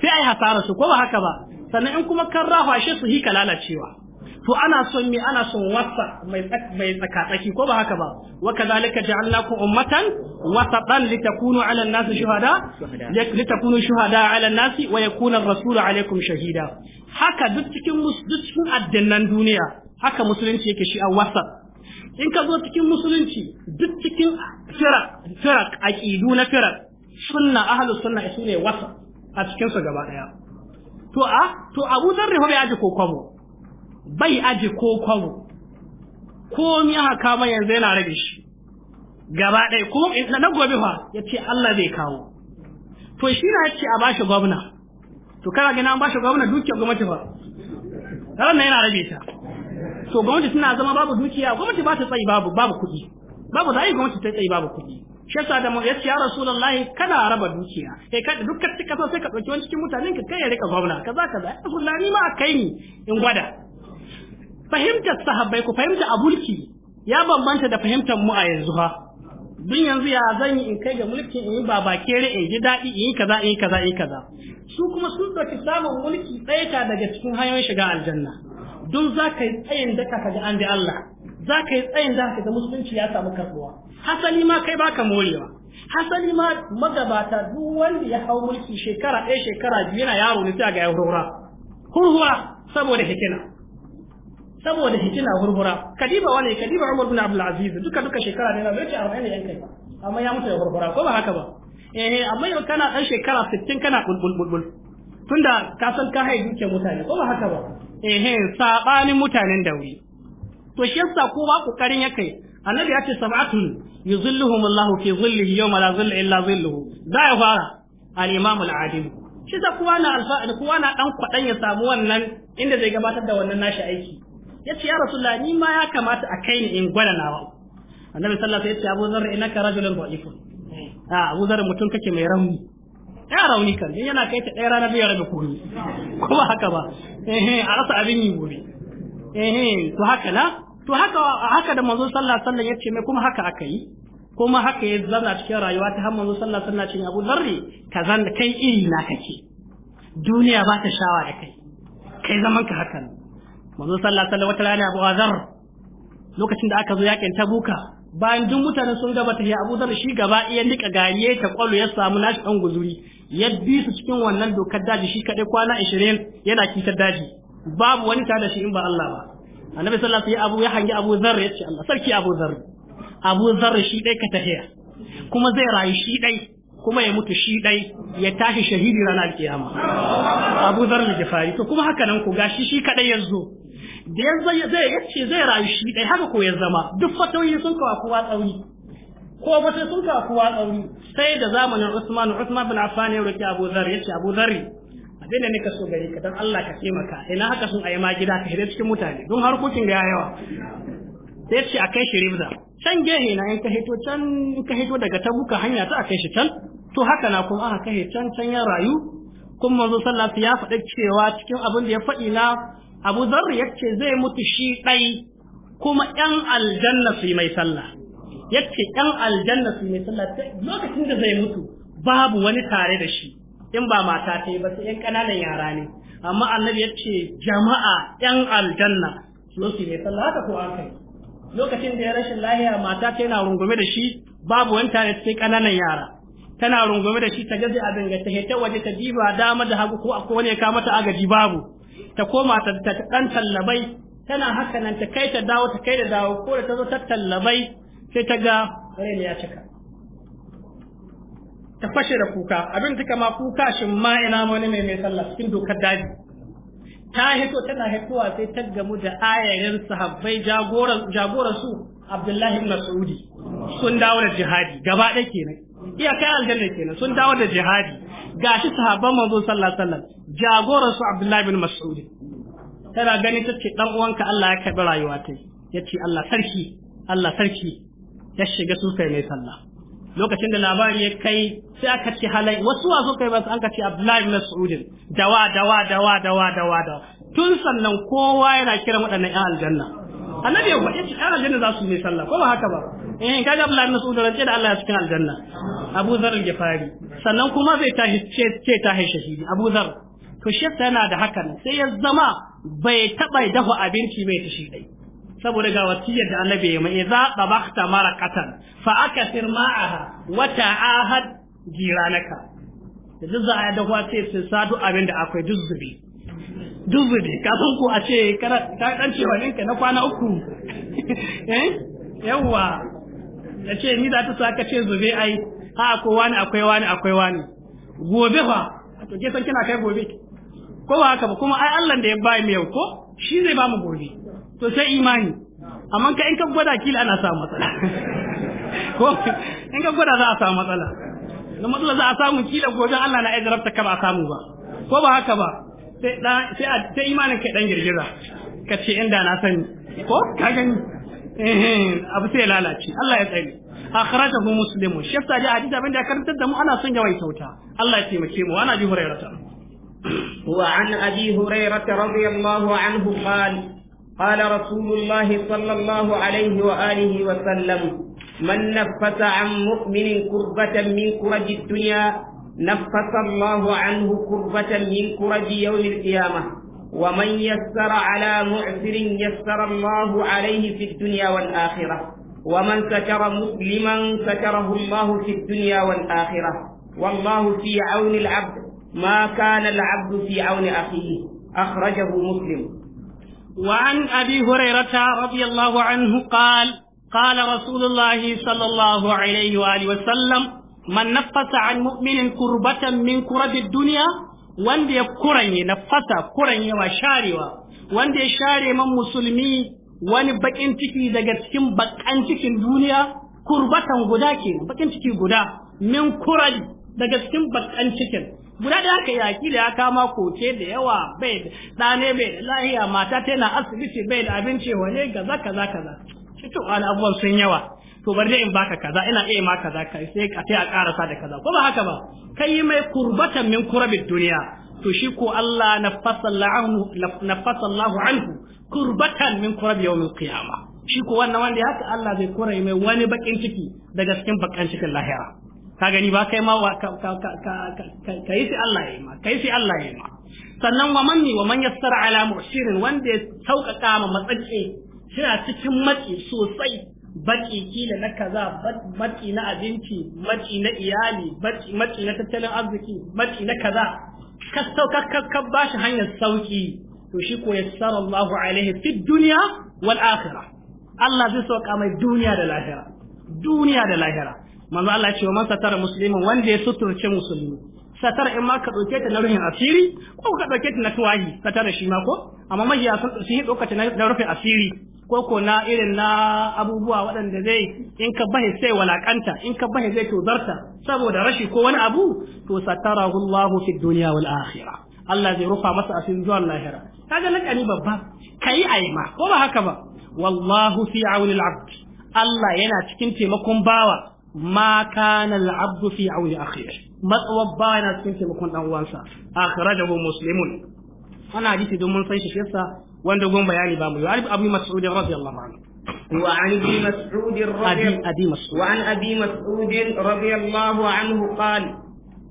sai ai hasara su ko ba haka ba sannan in kuma kan rafa shi su hika lalacewa to ana son me ana son wasa mai mai tsaki ko ba haka ba wa kadhalika ja'alnakum ummatan wasatan litakunu 'ala an-nasi shuhada litakunu shuhada 'ala an-nasi wa yakuna ar-rasulu 'alaykum shahida haka duk cikin duk cikin addinan duniya haka musulunci yake shi a wasa in ka zo cikin musulunci duk cikin firak firak aqidu na firak sunna ahlus sunna su ne wasa a cikin su gaba daya to a to Abu Dharr bai ko kokobo bai aji ko kwabo komi aka kama yanzu yana rage shi gaba ɗaya ko na gobe fa ya ce Allah zai kawo to shi na ce a bashi gwamna to kana gina an bashi gwamna dukiyar gwamnati fa ran nan yana rage ta to gwamnati suna zama babu dukiya gwamnati ba ta tsayi babu babu kuɗi babu zai gwamnati ta tsayi babu kuɗi shi yasa da mu yace ya rasulullahi kana raba dukiya kai ka dukkan kasa sai ka dauki wani cikin mutanen ka kai ya rika gwamna kaza kaza ya rasulullahi ma kai ni in gwada fahimtar sahabbai ku fahimta a ya bambanta da fahimtar mu a yanzu ha dun yanzu ya zan yi in kai ga mulki in yi baba kere in ji daɗi in yi kaza in yi kaza in yi kaza su kuma sun ɗauki samun mulki ɗaya daga cikin hanyoyin shiga aljanna don za ka yi tsayin daka ka ga an bi Allah za ka yi tsayin da ka ga musulunci ya samu karɓuwa hasali ma kai baka morewa hasali ma magabata duk wanda ya hau mulki shekara ɗaya shekara biyu yana yaro ne sai ga ya hurhura saboda hikima saboda fitina gurgura kadiba wani kadiba umar bin abdul aziz duka duka shekara ne na bai ce 40 ne yan kai ba amma ya mutu da gurgura ko ba haka ba eh amma yau kana dan shekara 60 kana bulbul bulbul tunda ka san ka haihu duke mutane ko ba haka ba eh, eh sabanin mutanen dauri to shi yasa ko ba kokarin yake annabi ya ce sab'atun yuzilluhum allah fi zillihi yawma la zilla illa zilluhu da ya fara al-imam al-adil shi da kuwa na alfa kuwa na dan kwadan ya samu wannan inda zai gabatar da wannan nashi aiki ce ya rasu ni ma ya kamata a kai ni in gwada nawa annabi sallallahu alaihi wasallam ce abu zarra innaka rajulun da'ifun eh. a ah, abu zarra mutum kake mai rauni ya rauni kan yana kai ta ɗaya rana biyar da kuri kuma haka ba eh a rasa abin yi gobe eh to haka na to haka haka da manzo sallallahu alaihi wasallam ce mai kuma haka aka yi kuma haka ya zana cikin rayuwa ta har manzo sallallahu alaihi wasallam cin Abu zarra ka zan kai iri na kake duniya ba ta shawa da kai kai zaman ka haka ne manzo sallallahu alaihi wasallam wata rana Abu Azar lokacin da aka zo yakin Tabuka bayan duk mutanen sun gaba ta Abu Zar shi gaba iya nika gariye ta kwallo ya samu nashi dan guzuri ya bi su cikin wannan dokar daji shi kadai kwana 20 yana kitar daji babu wani tare da shi in ba Allah ba annabi sallallahu alaihi wasallam ya hangi Abu Zar ya ce Allah sarki Abu Zar Abu Zar shi dai ka tahiya kuma zai rayu shi dai kuma ya mutu shi dai ya tashi shahidi ranar kiyama Abu zar al Jafari to kuma haka nan ku gashi shi kadai zo. da yanzu zai ce zai rayu shi dai haka ko ya zama duk fatoyi sun kawo kuwa tsauri ko ba sai sun kawo kuwa tsauri sai da zamanin Usman Usman bin Affan ya roki Abu ya ce Abu A abinda ne ka so gari ka dan Allah ka taimaka ina haka sun ayi ma gida ka hira cikin mutane don harkokin da ya yawa sai ce a kai shi ribza can gehe na in ka hito can ka hito daga tabuka hanya ta a kai shi can to haka na kuma aka kashe can ya rayu kuma manzo sallallahu ya faɗa cewa cikin abin da ya faɗi na Abu Dharr yace zai mutu shi ɗai kuma ƴan aljanna su mai sallah yace ƴan aljanna su mai sallah lokacin da zai mutu babu wani tare da shi in ba mata ta yi ba sai ƴan kananan yara ne amma annabi yace jama'a ƴan aljanna su yi mai sallah haka ko an kai lokacin da ya rashin lahiya mata ta yana rungume da shi babu wani tare sai kananan yara tana rungume da shi ta gaji a ga ta hita waje ta diba dama da hagu ko akwai wani ya ka mata agaji babu ta koma ta dan tallabai tana haka nan ta kai ta dawo ta kai da dawo ko da ta zo ta tallabai sai ta ga ne ya cika ta fashe da kuka abin ta kama kuka shin ma ina wani mai mai sallah cikin dokar daji ta hito tana hitowa sai ta gamu da ayayen sahabbai jagoran jagoran su Abdullahi ibn Saudi sun dawo da jihadi gaba ɗaya kenan Iyakai aljanna kenan sun dawo da jihadi gashi sahabban manzo sallallahu alaihi wasallam jagoran su abdullahi bin mas'ud tana gani take dan uwanka Allah ya karbi rayuwa ta yace Allah sarki Allah sarki ya shiga su kai mai sallah lokacin da labari ya kai sai aka ce halai wasu wa ba su an ka ci abdullahi bin mas'ud dawa dawa dawa dawa dawa dawa tun sannan kowa yana kiran waɗannan 'yan aljanna annabi ya ce 'yan aljanna za su mai sallah ko ba haka ba eh kaga Abdullahi Mas'ud rance da Allah cikin aljanna Abu Zar al jafari sannan kuma zai tashi ce tashi shahidi Abu Zar to shi yana da hakan sai ya zama bai taba dafa abinci mai tashi dai saboda ga wasiyar da Annabi ya mai za tabakta maraqatan fa akathir ma'aha wa ta'ahad jiranaka da duk da a dafa sai sadu abin da akwai duk zubi duk zubi kafin ku a ce ka dan cewa ninka na kwana uku eh yawwa ta ce ni za ta sa ka ce zube ai ha ko wani akwai wani akwai wani gobe fa to ke san kina kai gobe ko ba haka ba kuma ai Allah da ya ba mu yau ko shi zai ba mu gobe to sai imani amma ka in ka gwada kila ana samu matsala ko in ka gwada za a samu matsala na matsala za a samu kila gobe Allah na ta ka ba samu ba ko ba haka ba sai imanin ka dan girgiza ka ce inda na sani ko ka gani Eh, abu sai lalace Allah ya tsare akhrajahu muslimu shi yasa da hadisi abin da karantar da mu ana son yawai sauta Allah ya taimake mu ana ji hurairata وعن أبي هريرة رضي الله عنه قال قال رسول الله صلى الله عليه وآله وسلم من نفس عن مؤمن كربة من كرج الدنيا نفس الله عنه كربة من كرج يوم القيامة ومن يسر على معسر يسر الله عليه في الدنيا والآخرة ومن ستر مسلما ستره الله في الدنيا والآخرة والله في عون العبد ما كان العبد في عون أخيه أخرجه مسلم وعن أبي هريرة رضي الله عنه قال قال رسول الله صلى الله عليه وآله وسلم من نفس عن مؤمن كربة من كرب الدنيا wanda ya kuranye na fasa kuranyewa sharewa wanda ya share man musulmi wani bakin ciki daga cikin bakan cikin duniya kurbatan guda ke bakin ciki guda min kurali daga cikin bakan cikin guda da aka yi da ya kama koce da yawa bai da ɗane bai da lahiya mata tana asibiti bai da abinci wane gaza kaza kaza shi to abubuwan sun yawa to bari in baka kaza ina iya ma kaza kai sai a sai a karasa da kaza ko ba haka ba kai mai kurbatan min kurabid duniya to shi ko Allah na fasallahu anhu kurbatan min kurabi yawmin qiyama shi ko wannan wanda haka Allah zai kore mai wani bakin ciki daga cikin bakan cikin lahira ka gani ba kai ma ka yi shi Allah ya yi ma kai shi Allah ya yi ma sannan wa man wa man yassara ala mu'sirin wanda ya sauƙaƙa ma matsatsi suna cikin matsi sosai baki kila na kaza baki na abinci baki na iyali baki na tattalin arziki baki na kaza ka sauka ka bashi hanyar sauki to shi ko yassara Allahu alaihi fi dunya wal akhirah Allah zai sauka mai duniya da lahira duniya da lahira manzo Allah ya ce wa man satara muslimin wanda ya suturce musulmi satara in ma ka ɗauke ta na rufin asiri ko ka ɗauke ta na tuwahi satara shi ma ko amma mahiya sun yi ɗauka ta na rufin asiri ko ko na irin na abubuwa waɗanda zai in ka bahi sai walakanta in ka bahi zai tozarta saboda rashi ko wani abu to satarahu Allahu fi dunya wal akhirah Allah zai rufa masa asiri zuwa lahira kaga lakani babba kai aima ko ba haka ba wallahu fi auni al-abd Allah yana cikin taimakon bawa ما كان العبد في عون اخيه ما وبانا سنت مكون دان وانسا اخرجه مسلم انا جيت دوم من سيش شيسا وند غوم بياني بام يو ابي مسعود رضي الله عنه وعن ابي مسعود رضي ابي مسعود وعن ابي مسعود رضي الله عنه قال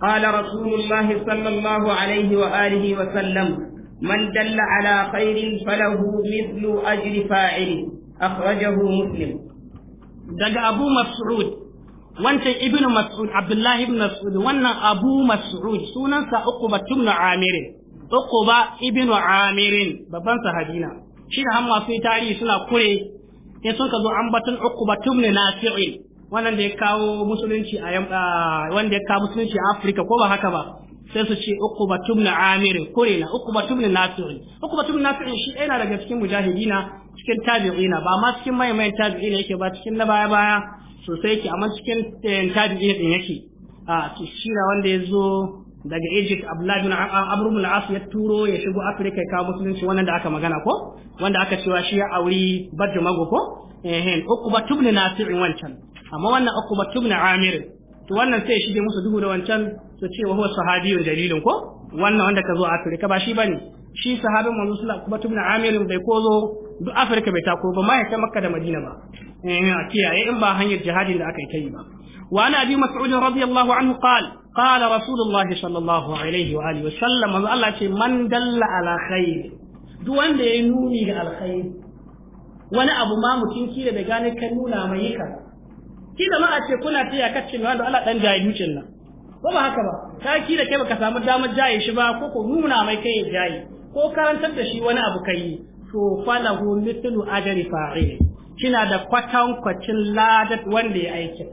قال رسول الله صلى الله عليه واله وسلم من دل على خير فله مثل اجر فاعله اخرجه مسلم دق ابو مسعود wancan ibn mas'ud abdullahi ibn mas'ud wannan abu mas'ud sunansa uquba ibn amir uquba ibn amir babban sahabina shi da hamma sai tarihi suna kure in sun ka zo ambaton uquba ibn nafi'in wannan da ya kawo musulunci a wanda ya kawo musulunci a Afirka ko ba haka ba sai su ce uquba ibn amir kure na uquba ibn nafi'in uquba ibn nafi'in shi yana daga cikin mujahidina cikin tabi'ina ba ma cikin mai mai tabi'ina yake ba cikin na baya baya sosai yake amma cikin eh, tabi'in din yake a shi wanda ya zo daga Egypt Abdullahi bin Amr As ya turo ya shigo Afirka ya kawo musulunci wannan da aka magana ko wanda aka cewa shi ya auri Badr Mago ko eh eh Uqba ibn Nasir wancan amma wannan Uqba tubni Amir to wannan sai shige musu duhu da wancan su ce wa huwa sahabiyun dalilin ko wannan wanda ka zo Afirka ba shi bane shi sahabin manzo sallallahu kuma wasallam amirin bai kozo duk afirka bai tako ba ma ya ta makka da madina ba eh kiyaye in ba hanyar jihadin da aka yi ta yi ba wa ana abi mas'ud radiyallahu anhu qal qala rasulullahi sallallahu alaihi wa alihi wasallam manzo Allah ce man dalla ala khair duk wanda ya nuni ga alkhair wani abu ma mutum ki da gane kan nuna mai yi ka kila ma a ce kuna tiya mai wanda Allah dan jayi dukin nan ko ba haka ba ka kila kai baka samu damar jaye shi ba ko ko nuna mai kai jaye ko karantar da shi wani abu kai to falahu mithlu ajri fa'il kina da kwatan kwacin ladat wanda ya aiki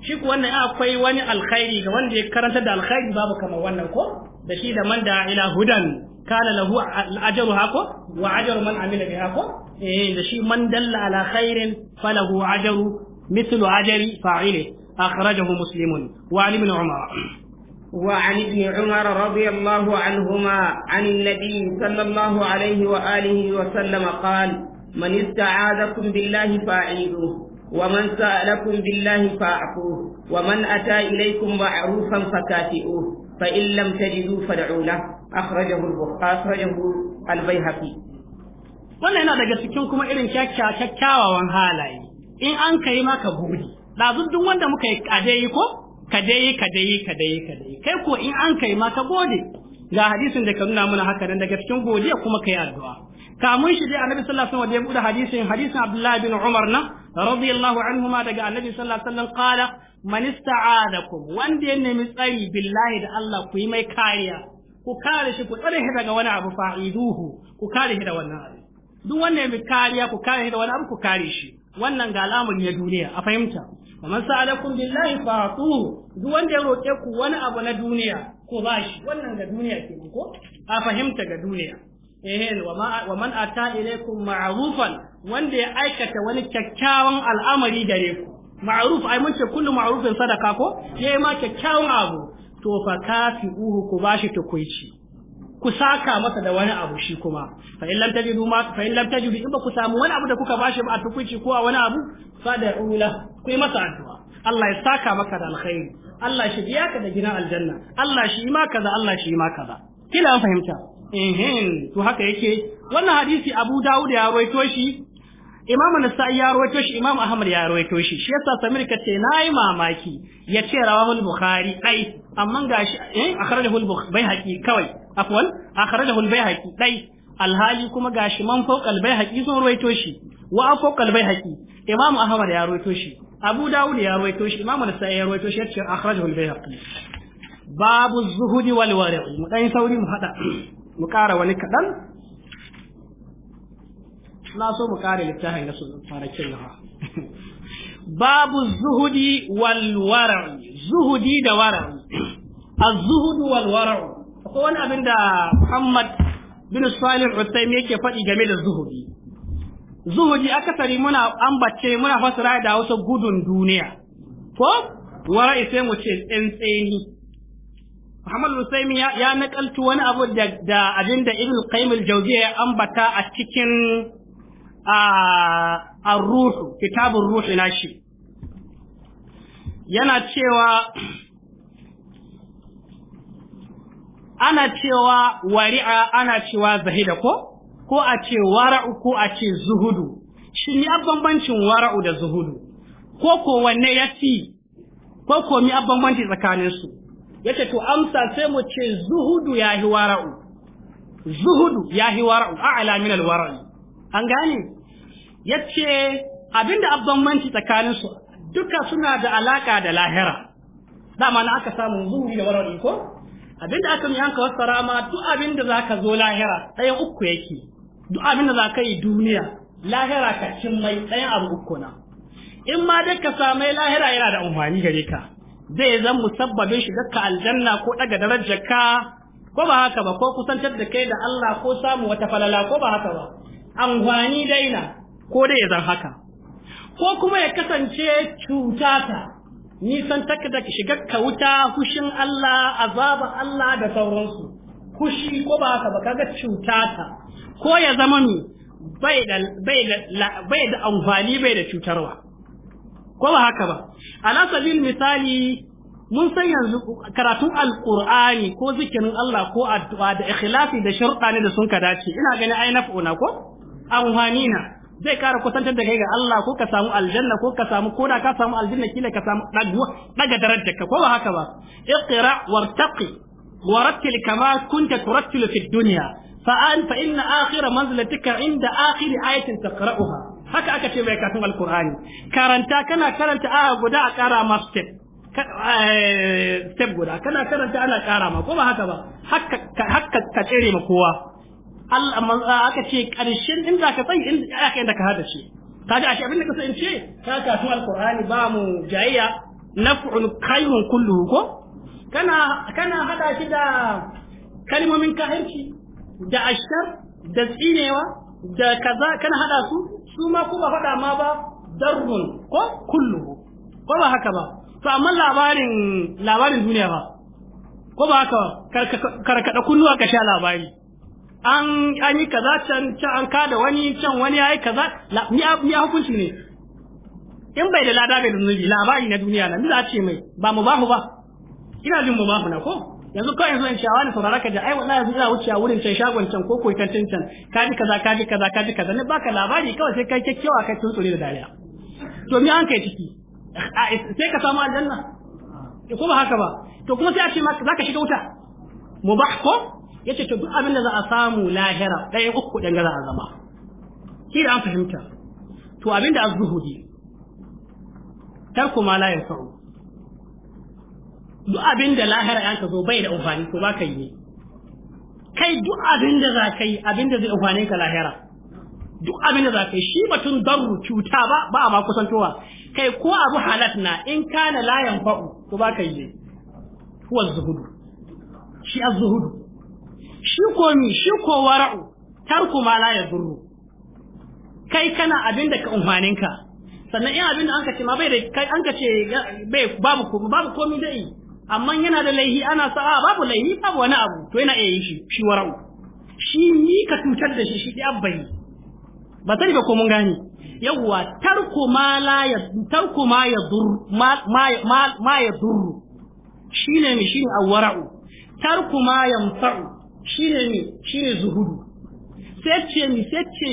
shi ku wannan akwai wani alkhairi ga wanda ya karanta da alkhairi babu kamar wannan ko da shi da man da ila hudan kana lahu ajru hako wa ajru man amila biha hako, eh da shi man dalla ala khairin falahu ajru mithlu ajri fa'ile akhrajahu muslimun wa ibn umar وعن ابن عمر رضي الله عنهما عن النبي صلى الله عليه وآله وسلم قال من استعاذكم بالله فأعيذوه ومن سألكم بالله فأعفوه ومن أتى إليكم معروفا فكافئوه فإن لم تجدوا فادعوا له أخرجه أخرجه البيهقي wannan yana daga cikin kuma irin kyakkyawan halaye in an kai maka buri da duk wanda muka yi kadayi ko ka dai ka dai ka dai ka dai kai ko in an kai ma ka gode ga hadisin da ka nuna mana haka nan daga cikin godiya kuma kai addu'a kamun shi dai annabi sallallahu alaihi wasallam ya bude hadisin hadisin abdullah bin umar na radiyallahu anhuma daga annabi sallallahu alaihi wasallam qala man ista'adakum wanda ya nemi tsari billahi da Allah ku yi mai kariya ku kare shi ku tsare shi daga wani abu fa'iduhu ku kare shi da wannan abu duk wanda ya bi kariya ku kare shi da wani abu ku kare shi wannan ga al'amarin ya duniya a fahimta wa man sa'alakum billahi fa'tuhu duk wanda ya roƙe ku wani abu na duniya ko shi wannan ga duniya kenan ko a fahimta ga duniya Eh wa man ata ilaikum ma'rufan wanda ya aikata wani kyakkyawan al'amari gare ku ma'ruf ai mun ce kullu ma'rufin sadaka ko yayi ma kyakkyawan abu to fa kafi'uhu ku bashi tukuici ku saka masa da wani abu shi kuma fa in lam tajidu ma fa in lam tajidu in ba ku samu wani abu da kuka bashi ba a tukunci ko a wani abu fa da ula ku yi masa addu'a Allah ya saka maka da alkhairi Allah shi biya ka da gidan aljanna Allah shi ma kaza Allah shi ma kaza kila an fahimta ehin to haka yake wannan hadisi Abu Dawud ya rawaito shi Imam Nasa'i ya rawaito shi Imam Ahmad ya rawaito shi shi yasa Samir ka ce nayi mamaki yace rawahul Bukhari ai amma gashi eh akhrajahu al-Bukhari bai haƙi kawai afwan akhrajahu al-baihaqi dai alhali kuma gashi man fawqa al-baihaqi sun ruwaito shi wa fawqa al-baihaqi imam ahmad ya ruwaito shi abu dawud ya ruwaito shi imam nasai ya ruwaito shi yace akhrajahu al-baihaqi babu zuhudi wal wari'i mu dan sauri mu hada mu kara wani kadan na so mu kare littafin da su kwanakin nan babu zuhudi wal wara'i zuhudi da wara'i az-zuhud wal wara'u akwai wani abin da Muhammad bin Salih Usaimi yake faɗi game da zuhudi zuhudi akasari muna ambace muna fasara da wasu gudun duniya ko wara sai mu ce tsintsini Muhammad Usaimi ya, ya nakaltu wani abu da, abinda abin da Ibn Qayyim al-Jawziyya ya ambata a cikin a ar-ruh kitabun ruh nashi yana cewa ana cewa wari'a ana cewa zahida ko ko a ce wara'u ko a ce zuhudu shi ni bambancin wara'u da zuhudu ko ko wanne ya fi ko ko mi bambanci tsakanin su yace to amsa sai mu ce zuhudu ya hi wara'u zuhudu ya hi wara'u a'la min al an gane yace abinda bambanci tsakanin su duka suna da alaka da lahira dama na aka samu zuhudu da wara'u ko Abin da aka yi hanka wasa ma duk abinda ka zo lahira ɗayan uku yake duk abin za zaka yi duniya lahira ka cin mai ɗayan abu uku na in ma dai ka samai lahira yana da amfani gare ka zai zan musabbabin shiga ka aljanna ko daga darajar ka ko ba haka ba ko kusantar da kai da Allah ko samu wata falala ko ba haka ba amfani daina ko dai ya zan haka ko kuma ya kasance cuta nisan taka da shiga ka wuta hushin Allah azaba Allah da sauransu kushi ko ba haka ba kaga cuta ta ko ya zama ni bai da bai da amfani bai da cutarwa ko ba haka ba ala sabil misali mun san yanzu karatun alqur'ani ko zikirin Allah ko addu'a da ikhlasi da sharuɗa ne da sun ka dace ina gani ai naf'una ko amfani na zai kara kusantar da kai ga Allah ko ka samu aljanna ko ka samu koda ka samu aljanna kila ka samu daga darajar ka ko ba haka ba iqra wartaqi warattil kama kunta turattilu fi dunya fa an fa inna akhira manzilatika inda akhir ayatin taqra'uha haka aka ce mai karatun alqur'ani karanta kana karanta aya guda a kara ma step eh, step guda kana karanta ana kara ma ko ba haka ba haka haka ka tsere ma kowa Allah aka ce karshen za ka tsayi inda aka inda ka hada shi kaji a abin da ka in ce ka kasu alqur'ani ba mu jayya naf'un khairun kulluhu ko kana kana hada shi da kalmomin kahirci da ashar da tsinewa da kaza kana hada su su ma ba faɗa ma ba darrun ko kulluhu ko ba haka ba to amma labarin labarin duniya ba ko ba haka karkada kunnuwa ka sha labari an an yi kaza can can an kada wani can wani yayi kaza ya hukunci ne in bai da lada bai da zunubi labari na duniya na za ce mai ba mu bahu ba ina jin mu bahu na ko yanzu kawai yanzu in shawa wani saurara ka da ai wallahi yanzu ina wuce a wurin can shagon can ko koi kan can ka ji kaza ka ji kaza ka ji kaza ne baka labari kawai sai kai kyakkyawa kai tsore da dariya to me an kai ciki sai ka samu aljanna ko ba haka ba to kuma sai a ce maka zaka shiga wuta mubah ko yace to duk abin da za a samu lahira ɗayan uku ɗan gaza a zama shi da an fahimta to abin da azzuhudi tarku ma la sa'u duk abin da lahira yanka zo bai da amfani to ba ka yi kai duk abin da za ka yi abin da zai amfani ka lahira duk abin da za ka yi shi batun daru cuta ba ba a ma kusantowa kai ko abu halat na in kana la fa'u to ba ka yi huwa zuhudu shi az-zuhudu shi ko mi shi ko wara'u tarku ma la yadurru kai kana abin da ka umfaninka sannan in abin da an kace ma bai da kai an kace bai babu ko babu komai dai amma yana da laihi ana sa'a babu laihi babu wani abu to yana iya yin shi shi wara'u shi ni ka cutar da shi shi dai abbai ba sani ba ko mun gane yawwa tarku ma la ya tarku ma ya dur ma ma ma ya dur shine mi shine awwara'u tarku ma yamsa'u shine ne shine zuhudu sai ni sai ce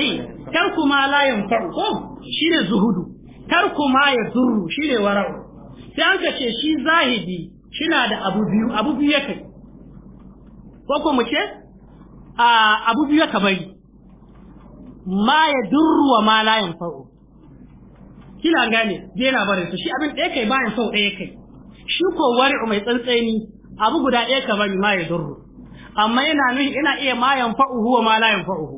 eh tarku ma la yanfa'u ko shine zuhudu tarku ma ya shi shine wara'u sai an kace ce shi zahidi shina da abu biyu abu biyu yake ko ko mu ce abu biyu ka bari ma ya durru wa ma la yanfa'u kina gane je na barin su shi abin ɗaya kai bayan sau ɗaya kai shi ko wari mai tsantsani abu guda ɗaya ka bari ma ya durru amma yana nuhi ina iya ma fa'uhu wa ma la yanfa'uhu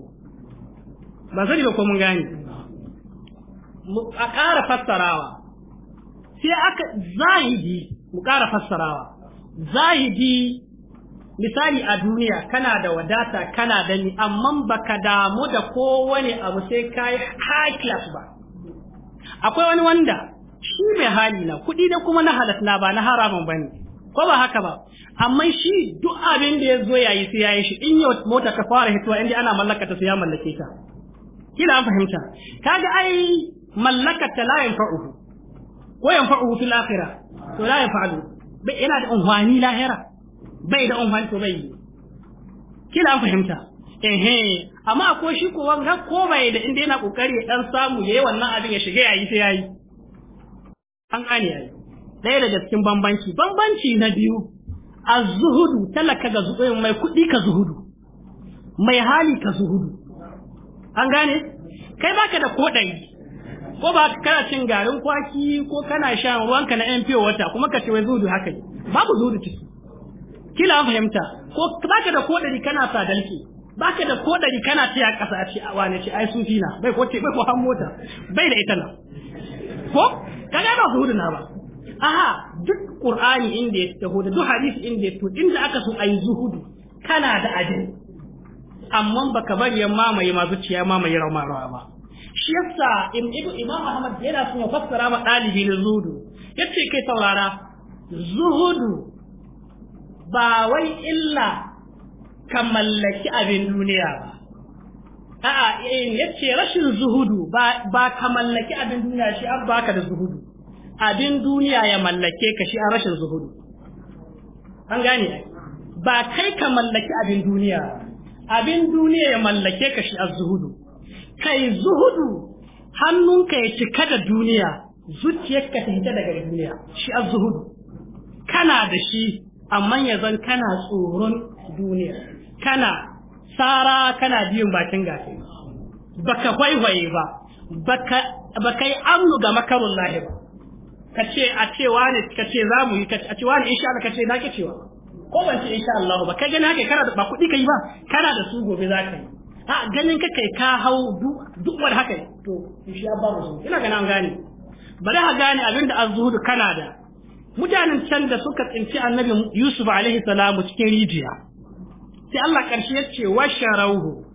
ba zai ba ko mun gane a ƙara fassarawa sai aka zahidi mu ƙara fassarawa zahidi misali a duniya kana da wadata kana da ni amma baka damu da kowane abu sai kai high class ba akwai wani wanda shi mai hali na kuɗi da kuma na halatta na ba na haramun bane ko ba haka ba amma shi duk abin da ya zo yayi sai yayi shi in yau mota ta fara hitowa inda ana mallaka ta sai ya mallake ta kila an fahimta kaga ai mallaka ta la yanfa'u ko yanfa'u fil akhirah to la yanfa'u bai yana da unwani lahira bai da unwani to bai kila an fahimta ehe amma ko shi ko wanga ko bai da inda yana kokari dan samu yayi wannan abin ya shige yayi sai yayi an gane yayi ɗaya daga cikin bambanci bambanci na biyu A zuhudu talaka ga zuhudu eh, mai kuɗi ka zuhudu mai hali ka zuhudu an gane kai baka da koɗayi ko ba kana cin garin kwaki ko kana shan ruwanka na MPO wata kuma ka ce wai zuhudu haka ne babu zuhudu ciki kila fahimta ko baka da kodari kana sadalki baka da koɗari kana tiya ƙasa a ce a wane ce ai sufi na bai ko ce bai ko han mota bai da ita na ko ka ba zuhudu na ba aha duk qur'ani inda ya taho da duk hadisi inda ya taho inda aka so ayi zuhudu kana da adin amma baka bari ya mamaye ma zuciya mamaye rawa rawa ba shi yasa imam ahmad yana son ya fassara ma dalibi na zuhudu yace kai saurara zuhudu ba wai illa ka mallaki abin duniya ba a'a eh, yace rashin zuhudu ba ba ka mallaki abin duniya shi an baka da zuhudu abin duniya ya mallake ka shi a rashin zuhudu an gane ba kai ka mallaki abin duniya abin duniya ya mallake ka shi a zuhudu kai zuhudu hannunka ya cika da duniya zuciyarka ta hita daga duniya shi a zuhudu kana da shi amma ya zan kana tsoron duniya kana tsara kana biyun bakin gafe baka kwaikwaye ba baka yi amnu ga makarun Lahiru. ka ce a ce wani ka ce za mu yi a ce wani insha Allah ka ce na ke cewa ko ban ce insha Allah ba kai gani haka kana da ba kuɗi kai ba kana da su gobe za ka yi a ganin ka kai ka hau duk wani haka to insha Allah ba su ina ganin an gane bari ha gane abin da azhudu kana da mutanen can da suka tsinci annabi Yusuf alaihi salamu cikin rijiya sai Allah karshe ya ce washarauhu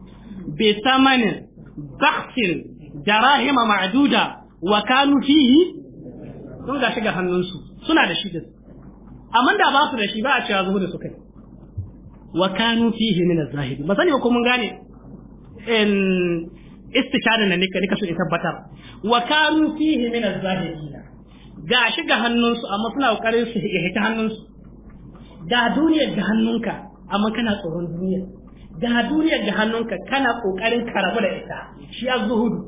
bi thamanin bakhsin darahima ma'duda wa kanu fihi sun ga shiga hannunsu suna da shi da amma da ba su da shi ba a cewa zuhudu suka yi wa kanu fihi min az-zahid ba sani ko mun gane in istishara na nika nika so in tabbatar wa kanu fihi min az-zahidin ga shiga hannunsu amma suna kokarin su hita hannunsu da duniya da hannunka amma kana tsoron duniya. da duniya da hannunka kana kokarin karabu da ita shi az-zuhudu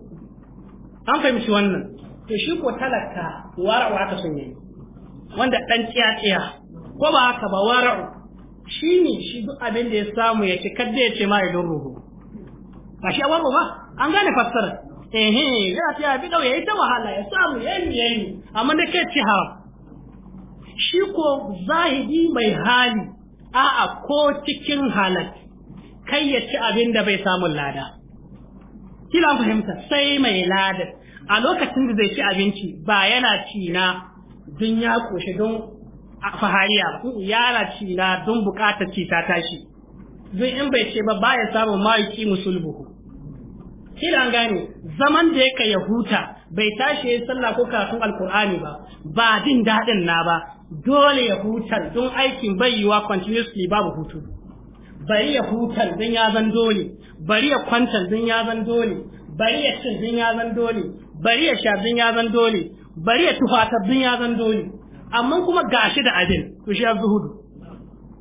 an fahimci wannan to shi ko talaka wara'u haka sun yi wanda dan tsiya ko ba haka ba wara'u shi ne shi duk abin da ya samu ya ci kadda ya ce ma idan ruhu ba shi awon ba an gane fassara eh ya ta bi ya yi ta wahala ya samu ya yi, ya yi, amma da kai ci ha shi ko zahidi mai hali a'a ko cikin halat kai ya ci abin da bai samu lada kila fahimta sai mai lada a lokacin da zai ci abinci ba yana ci na don ya koshe don fahariya yana ci na don bukatar ci ta tashi don in bai ce ba baya samu mawaki musulbuhu kila gane zaman da yake ya huta bai tashi ya sallah ko karatun alkur'ani ba ba jin daɗin na ba dole ya hutar don aikin bai yiwa continuously babu hutu bari ya hutar don ya zan dole bari ya kwantar don ya zan dole bari ya cin don ya zan dole bari ya sha ya zan dole bari ya tufata dun ya zan dole amma kuma gashi da abin to shi hudu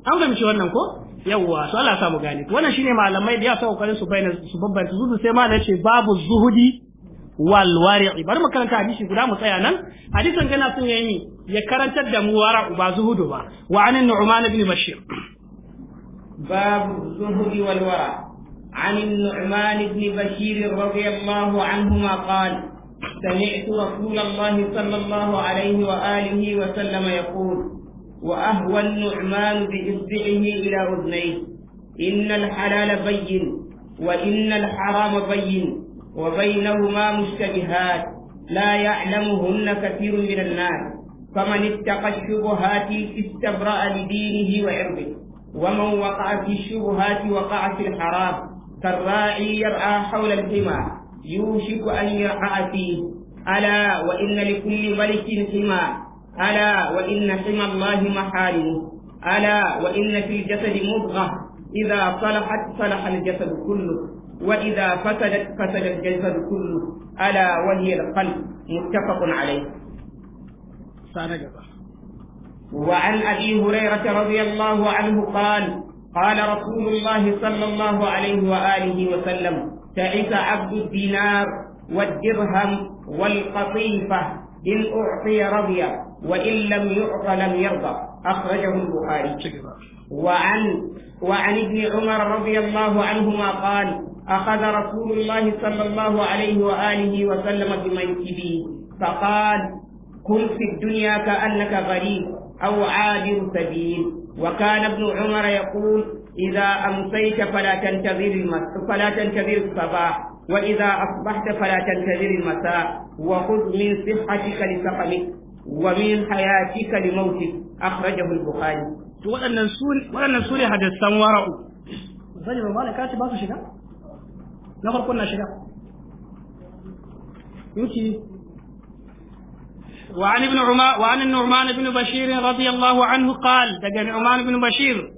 an fahimci wannan ko yawwa to Allah samu gane wannan shine malamai da ya sa kokarin su bayyana su babbanta zuhudu sai ma ce babu zuhudi wal wari'i bari mu karanta hadisi guda mu tsaya nan hadisan gana sun yayi ni ya karantar da mu wara ba zuhudu ba wa anan nu'man ibn bashir babu zuhudi wal wara' عن النعمان بن بشير رضي الله عنهما قال سمعت رسول الله صلى الله عليه وآله وسلم يقول وأهوى النعمان بإصبعه إلى أذنيه إن الحلال بين وإن الحرام بين وبينهما مشتبهات لا يعلمهن كثير من الناس فمن اتقى الشبهات استبرأ لدينه وعرضه ومن وقع في الشبهات وقع في الحرام كالراعي يرعى حول الحمار يوشك أن يقع فيه ألا وإن لكل ملك حمى ألا وإن حمى الله محارمه ألا وإن في الجسد مضغة إذا صلحت صلح الجسد كله وإذا فسدت فسد الجسد كله ألا وهي القلب متفق عليه وعن أبي هريرة رضي الله عنه قال قال رسول الله صلى الله عليه وآله وسلم تعس عبد الدينار والدرهم والقطيفة إن أعطي رضي وإن لم يعط لم يرضى أخرجه البخاري وعن وعن ابن عمر رضي الله عنهما قال أخذ رسول الله صلى الله عليه وآله وسلم بمنكبه فقال كن في الدنيا كأنك غريب أو عابر سبيل وكان ابن عمر يقول إذا أمسيت فلا تنتظر المساء فلا تنتظر الصباح وإذا أصبحت فلا تنتظر المساء وخذ من صحتك لسقمك ومن حياتك لموتك أخرجه البخاري. وأنا نسول وأنا نسول هذا السمورة. زي ما قال كاتب باسو شجع. نخر كنا شجع. يمشي وعن ابن عمر وعن النعمان بن بشير رضي الله عنه قال دقى نعمان بن بشير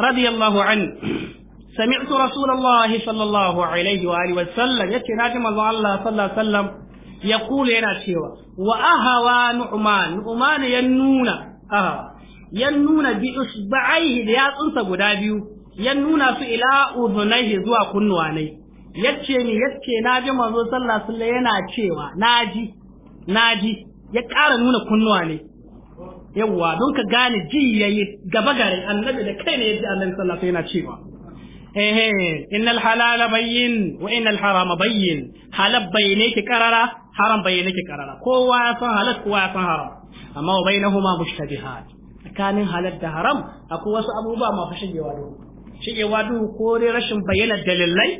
رضي الله عنه سمعت رسول الله صلى الله عليه وآله وسلم يتي ناجم الله صلى الله عليه وسلم يقول ينا شيوا وأهوى نعمان نعمان ينون أهوى ينون بإصبعيه ليات أنت قدابيو ينون إلى أذنيه زوا كنواني yace ni yace na ji manzo sallallahu alaihi wasallam yana cewa naji naji ya ƙara nuna kunnuwa ne yawwa don ka gane ji yayi gaba garin annabi da kai ne yaji annabi sallallahu alaihi wasallam yana cewa eh innal halala bayyin wa innal harama bayyin halal bayyane ki karara haram bayyane ki karara kowa ya san halal kowa ya san haram amma wa bainahuma mushtabihat tsakanin halal da haram akwai wasu abubuwa masu shigewa duhu shigewa duhu ko dai rashin bayyana dalilai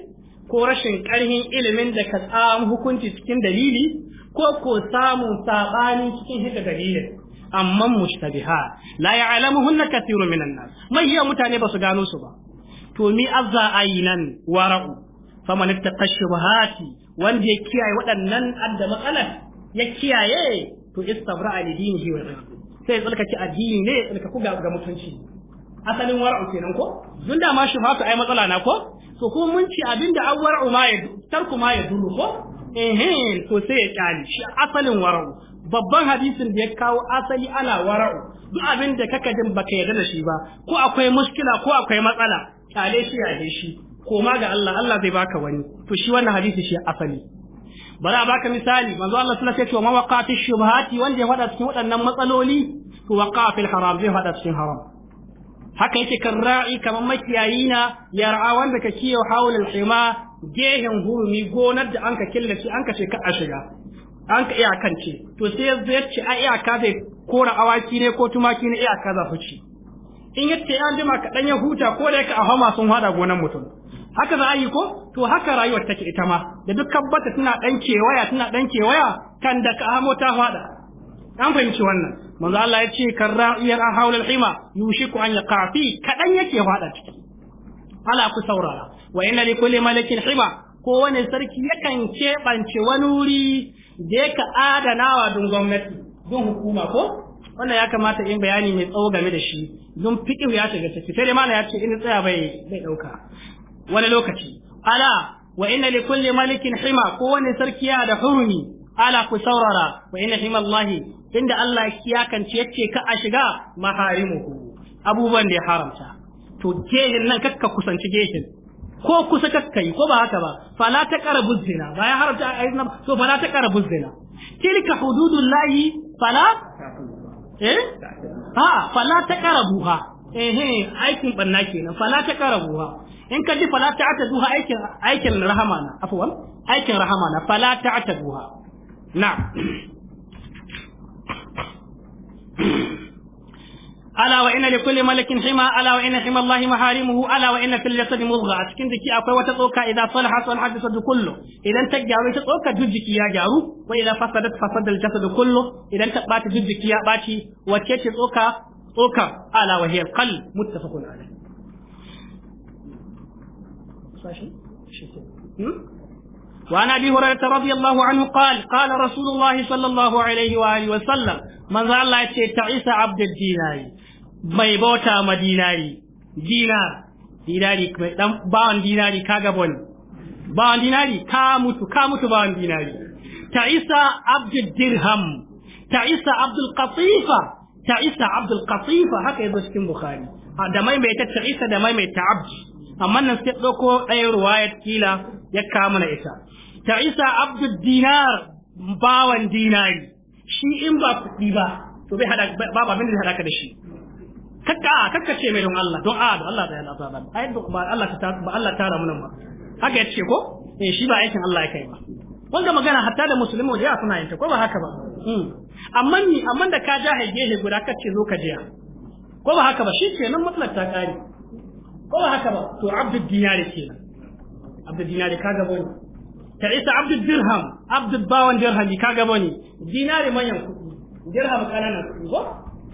ko rashin ƙarhin ilimin da ka tsamu hukunci cikin dalili ko ko samun saɓani cikin hidda dalilin amma mushtabihat la ya'lamuhunna kathirun minan nas mai yawa mutane ba su gano su ba to mi azza ayinan wara'u faman ittaqa shubahati wanda ya kiyaye waɗannan adda matsalar ya kiyaye to istabra'a li dinihi wa sai tsalkace addini ne tsalkaku ga ga mutunci asalin wara'u kenan ko dun da ma shubhatu ai matsala na ko to kuma mun ci abinda an wara'u ma ya tarku ma ya dulu ko ehin to sai ya kyale shi asalin wara'u babban hadisin da ya kawo asali ana wara'u duk abin da kaka jin baka yarda da shi ba ko akwai muskila ko akwai matsala kyale shi ya shi koma ga Allah Allah zai baka wani to shi wannan hadisi shi asali bari a baka misali manzo Allah sallallahu alaihi wasallam waqa fi shubhati wanda ya fada cikin waɗannan matsaloli to waqa haram zai fada cikin haram haka yake kan ra'i kamar makiyayi na yar'a wanda ka kiyo hawlul hima gehen hurumi gonar da anka killace anka shekar a shiga an ka iyakan ce to sai ya ce a iyaka zai kora awaki ne ko tumaki ne iyaka za su ci in ce an jima kaɗan ya huta ko da yaka a hama sun hada gonan mutum haka za a yi ko to haka rayuwar take ita ma da duk kabbata tana ɗan kewaya tana ɗan kewaya kan da ka hamo ta haɗa. an fahimci wannan manzo Allah ya ce kan karra'iyar an haula hima yushiku an yaqa kaɗan yake haɗa. ciki ala ku saurara wa inna likulli malikin hima kowane sarki yakan keɓance wani wuri je ka adanawa don gwamnati don hukuma ko wannan ya kamata in bayani mai tsawo game da shi don fiƙihu ya shiga ciki sai dai mana ya ce in tsaya bai bai ɗauka wani lokaci ala wa inna li kulli malikin hima ko wani sarki ya da hurumi ala ku saurara wa inna hima Allah inda Allah ya kance yace ka a shiga maharimuhu abubuwan da ya haramta to gehin nan kakka kusanci gehin ko kusa kakkai ko ba haka ba fala ta karabu zina ba ya haramta a ba. to fala ta karabu zina tilka hududullahi fala eh ha fala ta karabu ha eh aikin banna kenan fala ta karabu ha in ka ji fala ta duha aikin aikin rahama na afwan aikin rahama na fala ta duha na ala wa inna likulli malakin hima ala wa inna hima Allah maharimuhu ala wa inna fil jasadi a cikin jiki akwai wata tsoka idan salaha salaha jasadu kullu idan ta gyaru ta tsoka duk ya gyaru wa idan fasadat fasada al jasadu kullu idan ta bata duk ya ce tsoka tsoka ala وعن ابي هريره رضي الله عنه قال قال رسول الله صلى الله عليه واله وسلم من ظل تعيس عبد الدينار mai bauta ma dinari dinar dinari mai dan bawan dinari ka gabon bawan dinari ka mutu ka mutu bawan dinari ta isa abdul dirham ta isa abdul qatifa ta isa abdul qatifa haka yazo cikin bukhari da mai mai ta isa da mai mai ta abdi amma nan sai dauko ɗaya ruwayar kila ya kama na ita ta isa abdul dinar bawan dinari shi in ba kuɗi ba to bai hada babu abin da hada ka da shi kakka kakka ce mai don Allah don a don Allah da lafa ba ai ba Allah ta ba Allah ta ramu nan ba haka yace ko eh shi ba aikin Allah ya kai ba wanda magana hatta da musulmi wajen suna yin ta ko ba haka ba hmm. amma ni amma da ka ja haigehe guda ka ce zo ka jiya ko ba haka ba shi ke nan matsalar ta kare ko ba haka ba to abdul dinari ke nan abdul dinari ka gabo ne ta isa abdul dirham abdul bawan dirham ka gabo ne dinari manyan kuɗi dirham kananan kuɗi ko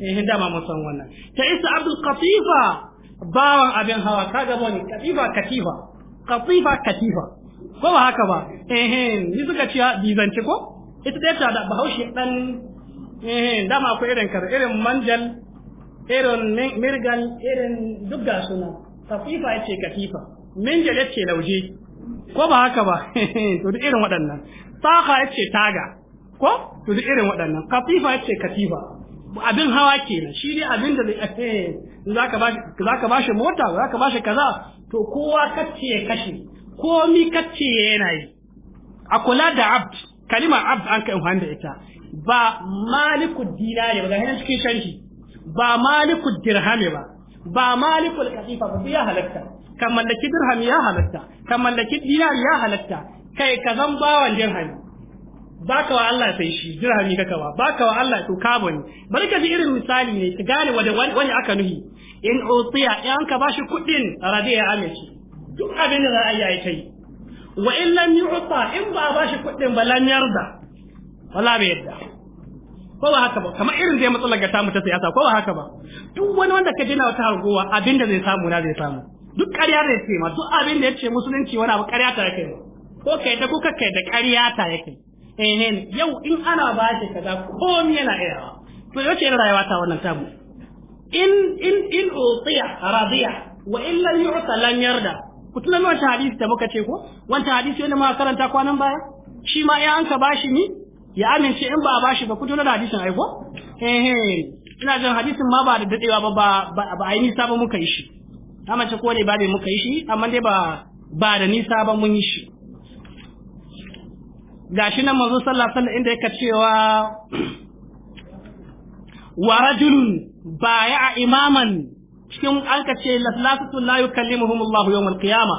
eh dama mun san wannan ta isa abdul qatifa bawan abin hawa kaga bani qatifa katifa qatifa katifa ko ba haka ba eh ni suka ciya bizance ko ita dai ta da bahaushe dan eh dama akwai irin kar irin manjal irin mirgal irin duk suna qatifa yace katifa minjal yace lauje ko ba haka ba to duk irin waɗannan saka yace taga ko to duk irin waɗannan qatifa yace katifa abin hawa kenan shi ne abin da zai eh, za ka bashi mota za ka bashi kaza to kowa kacce ya kashe komi kacce ya yana yi a kula da abd kalima abd an kai da ita ba maliku dinari ba ga cikin sharhi ba maliku dirhami ba ba malikul kasifa ba ya halatta kan mallaki dirham ya halatta kan mallaki dinar ya halatta kai ka zan bawan dirhami baka wa Allah sai shi dirhami kaka ba baka wa Allah to ka bari ka ji irin misali ne ka gane wanda wani aka nuhi in utiya in ka bashi kudin radiya amince duk abin da za a yi kai wa in lam yu'ta in ba bashi kudin ba lan yarda wala bai yarda ko ba haka ba kamar irin zai matsala ga tamu ta siyasa ko ba haka ba duk wani wanda ka dina wata hargowa abin da zai samu na zai samu duk ƙarya da ya ce ma duk abin da ya ce musulunci wani abu ƙarya ta yake ko kai ta kuka kai da ƙarya ta yake eh yau in ana ba shi kaza komai yana ayawa to ce rayuwa ta wannan tabu in in in utiya radiya wa in yu'ta lan yarda tuna nan ta hadisi da muka ce ko wannan hadisi wanda muka karanta kwanan baya shi ma ya an ka bashi ni ya amince in ba a bashi ba tuna da hadisin ai ko eh ina jin hadisin ma ba da dadewa ba ba ba ai nisa ba muka yi shi amma ce ko ne ba ne muka yi shi amma dai ba ba da nisa ba mun yi shi gashi nan manzo sallallahu alaihi wasallam inda yake cewa wa rajulun baya imaman cikin an ce laslatu la yukallimuhum Allah yawm al-qiyama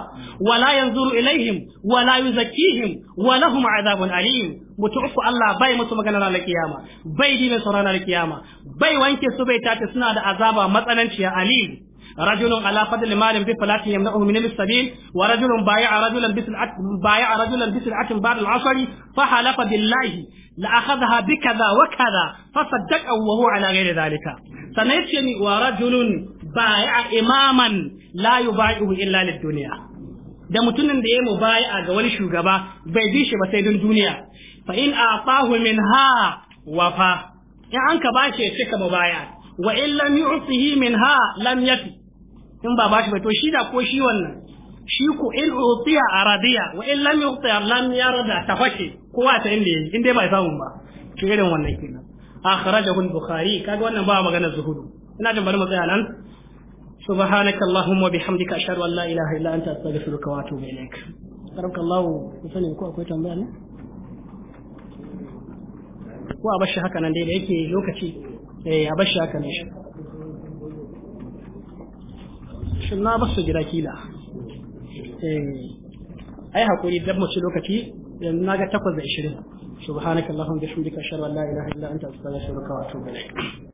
wa la yanzuru ilaihim wa la yuzakkihim wa lahum adhabun alim mutuku Allah bai musu magana ranar kiyama bai dinin su ranar kiyama bai wanke su bai tace suna da azaba matsananciya alim رجل على فضل مال بفلات يمنعه من السبيل ورجل بايع رجلا بسلعة بايع رجلا بسلعة بعد العصر فحلف بالله لأخذها بكذا وكذا فصدق وهو على غير ذلك سنيتني ورجل بايع إماما لا يبايعه إلا للدنيا da mutumin da ya mu baya ga wani shugaba bai bi shi ba sai don duniya fa in atahu min ha wafa in an ka bashi ya cika mubaya wa in lam yu'tihi min ha lam yafi in ba ba shi ba to shi da ko shi wannan shi ko in utiya aradiya wa in lam yuti lam yarda ta fashe kowa ta inda yayi in dai bai samu ba ke irin wannan kenan akhrajahu al-bukhari kaga wannan ba magana zuhudu ina jin bari mu tsaya nan سبحانك اللهم وبحمدك أشهد أن لا إله إلا أنت أستغفرك وأتوب إليك بارك الله وسلم كو أكويت أمبانا وأبشر هكذا ليكي لوكتي أبشر هكذا shin na basu gida kila eh ai hakuri dan mace lokaci yanzu na ga takwas da 20 subhanakallahumma bihamdika ashhadu an la ilaha illa anta astaghfiruka wa atubu ilaik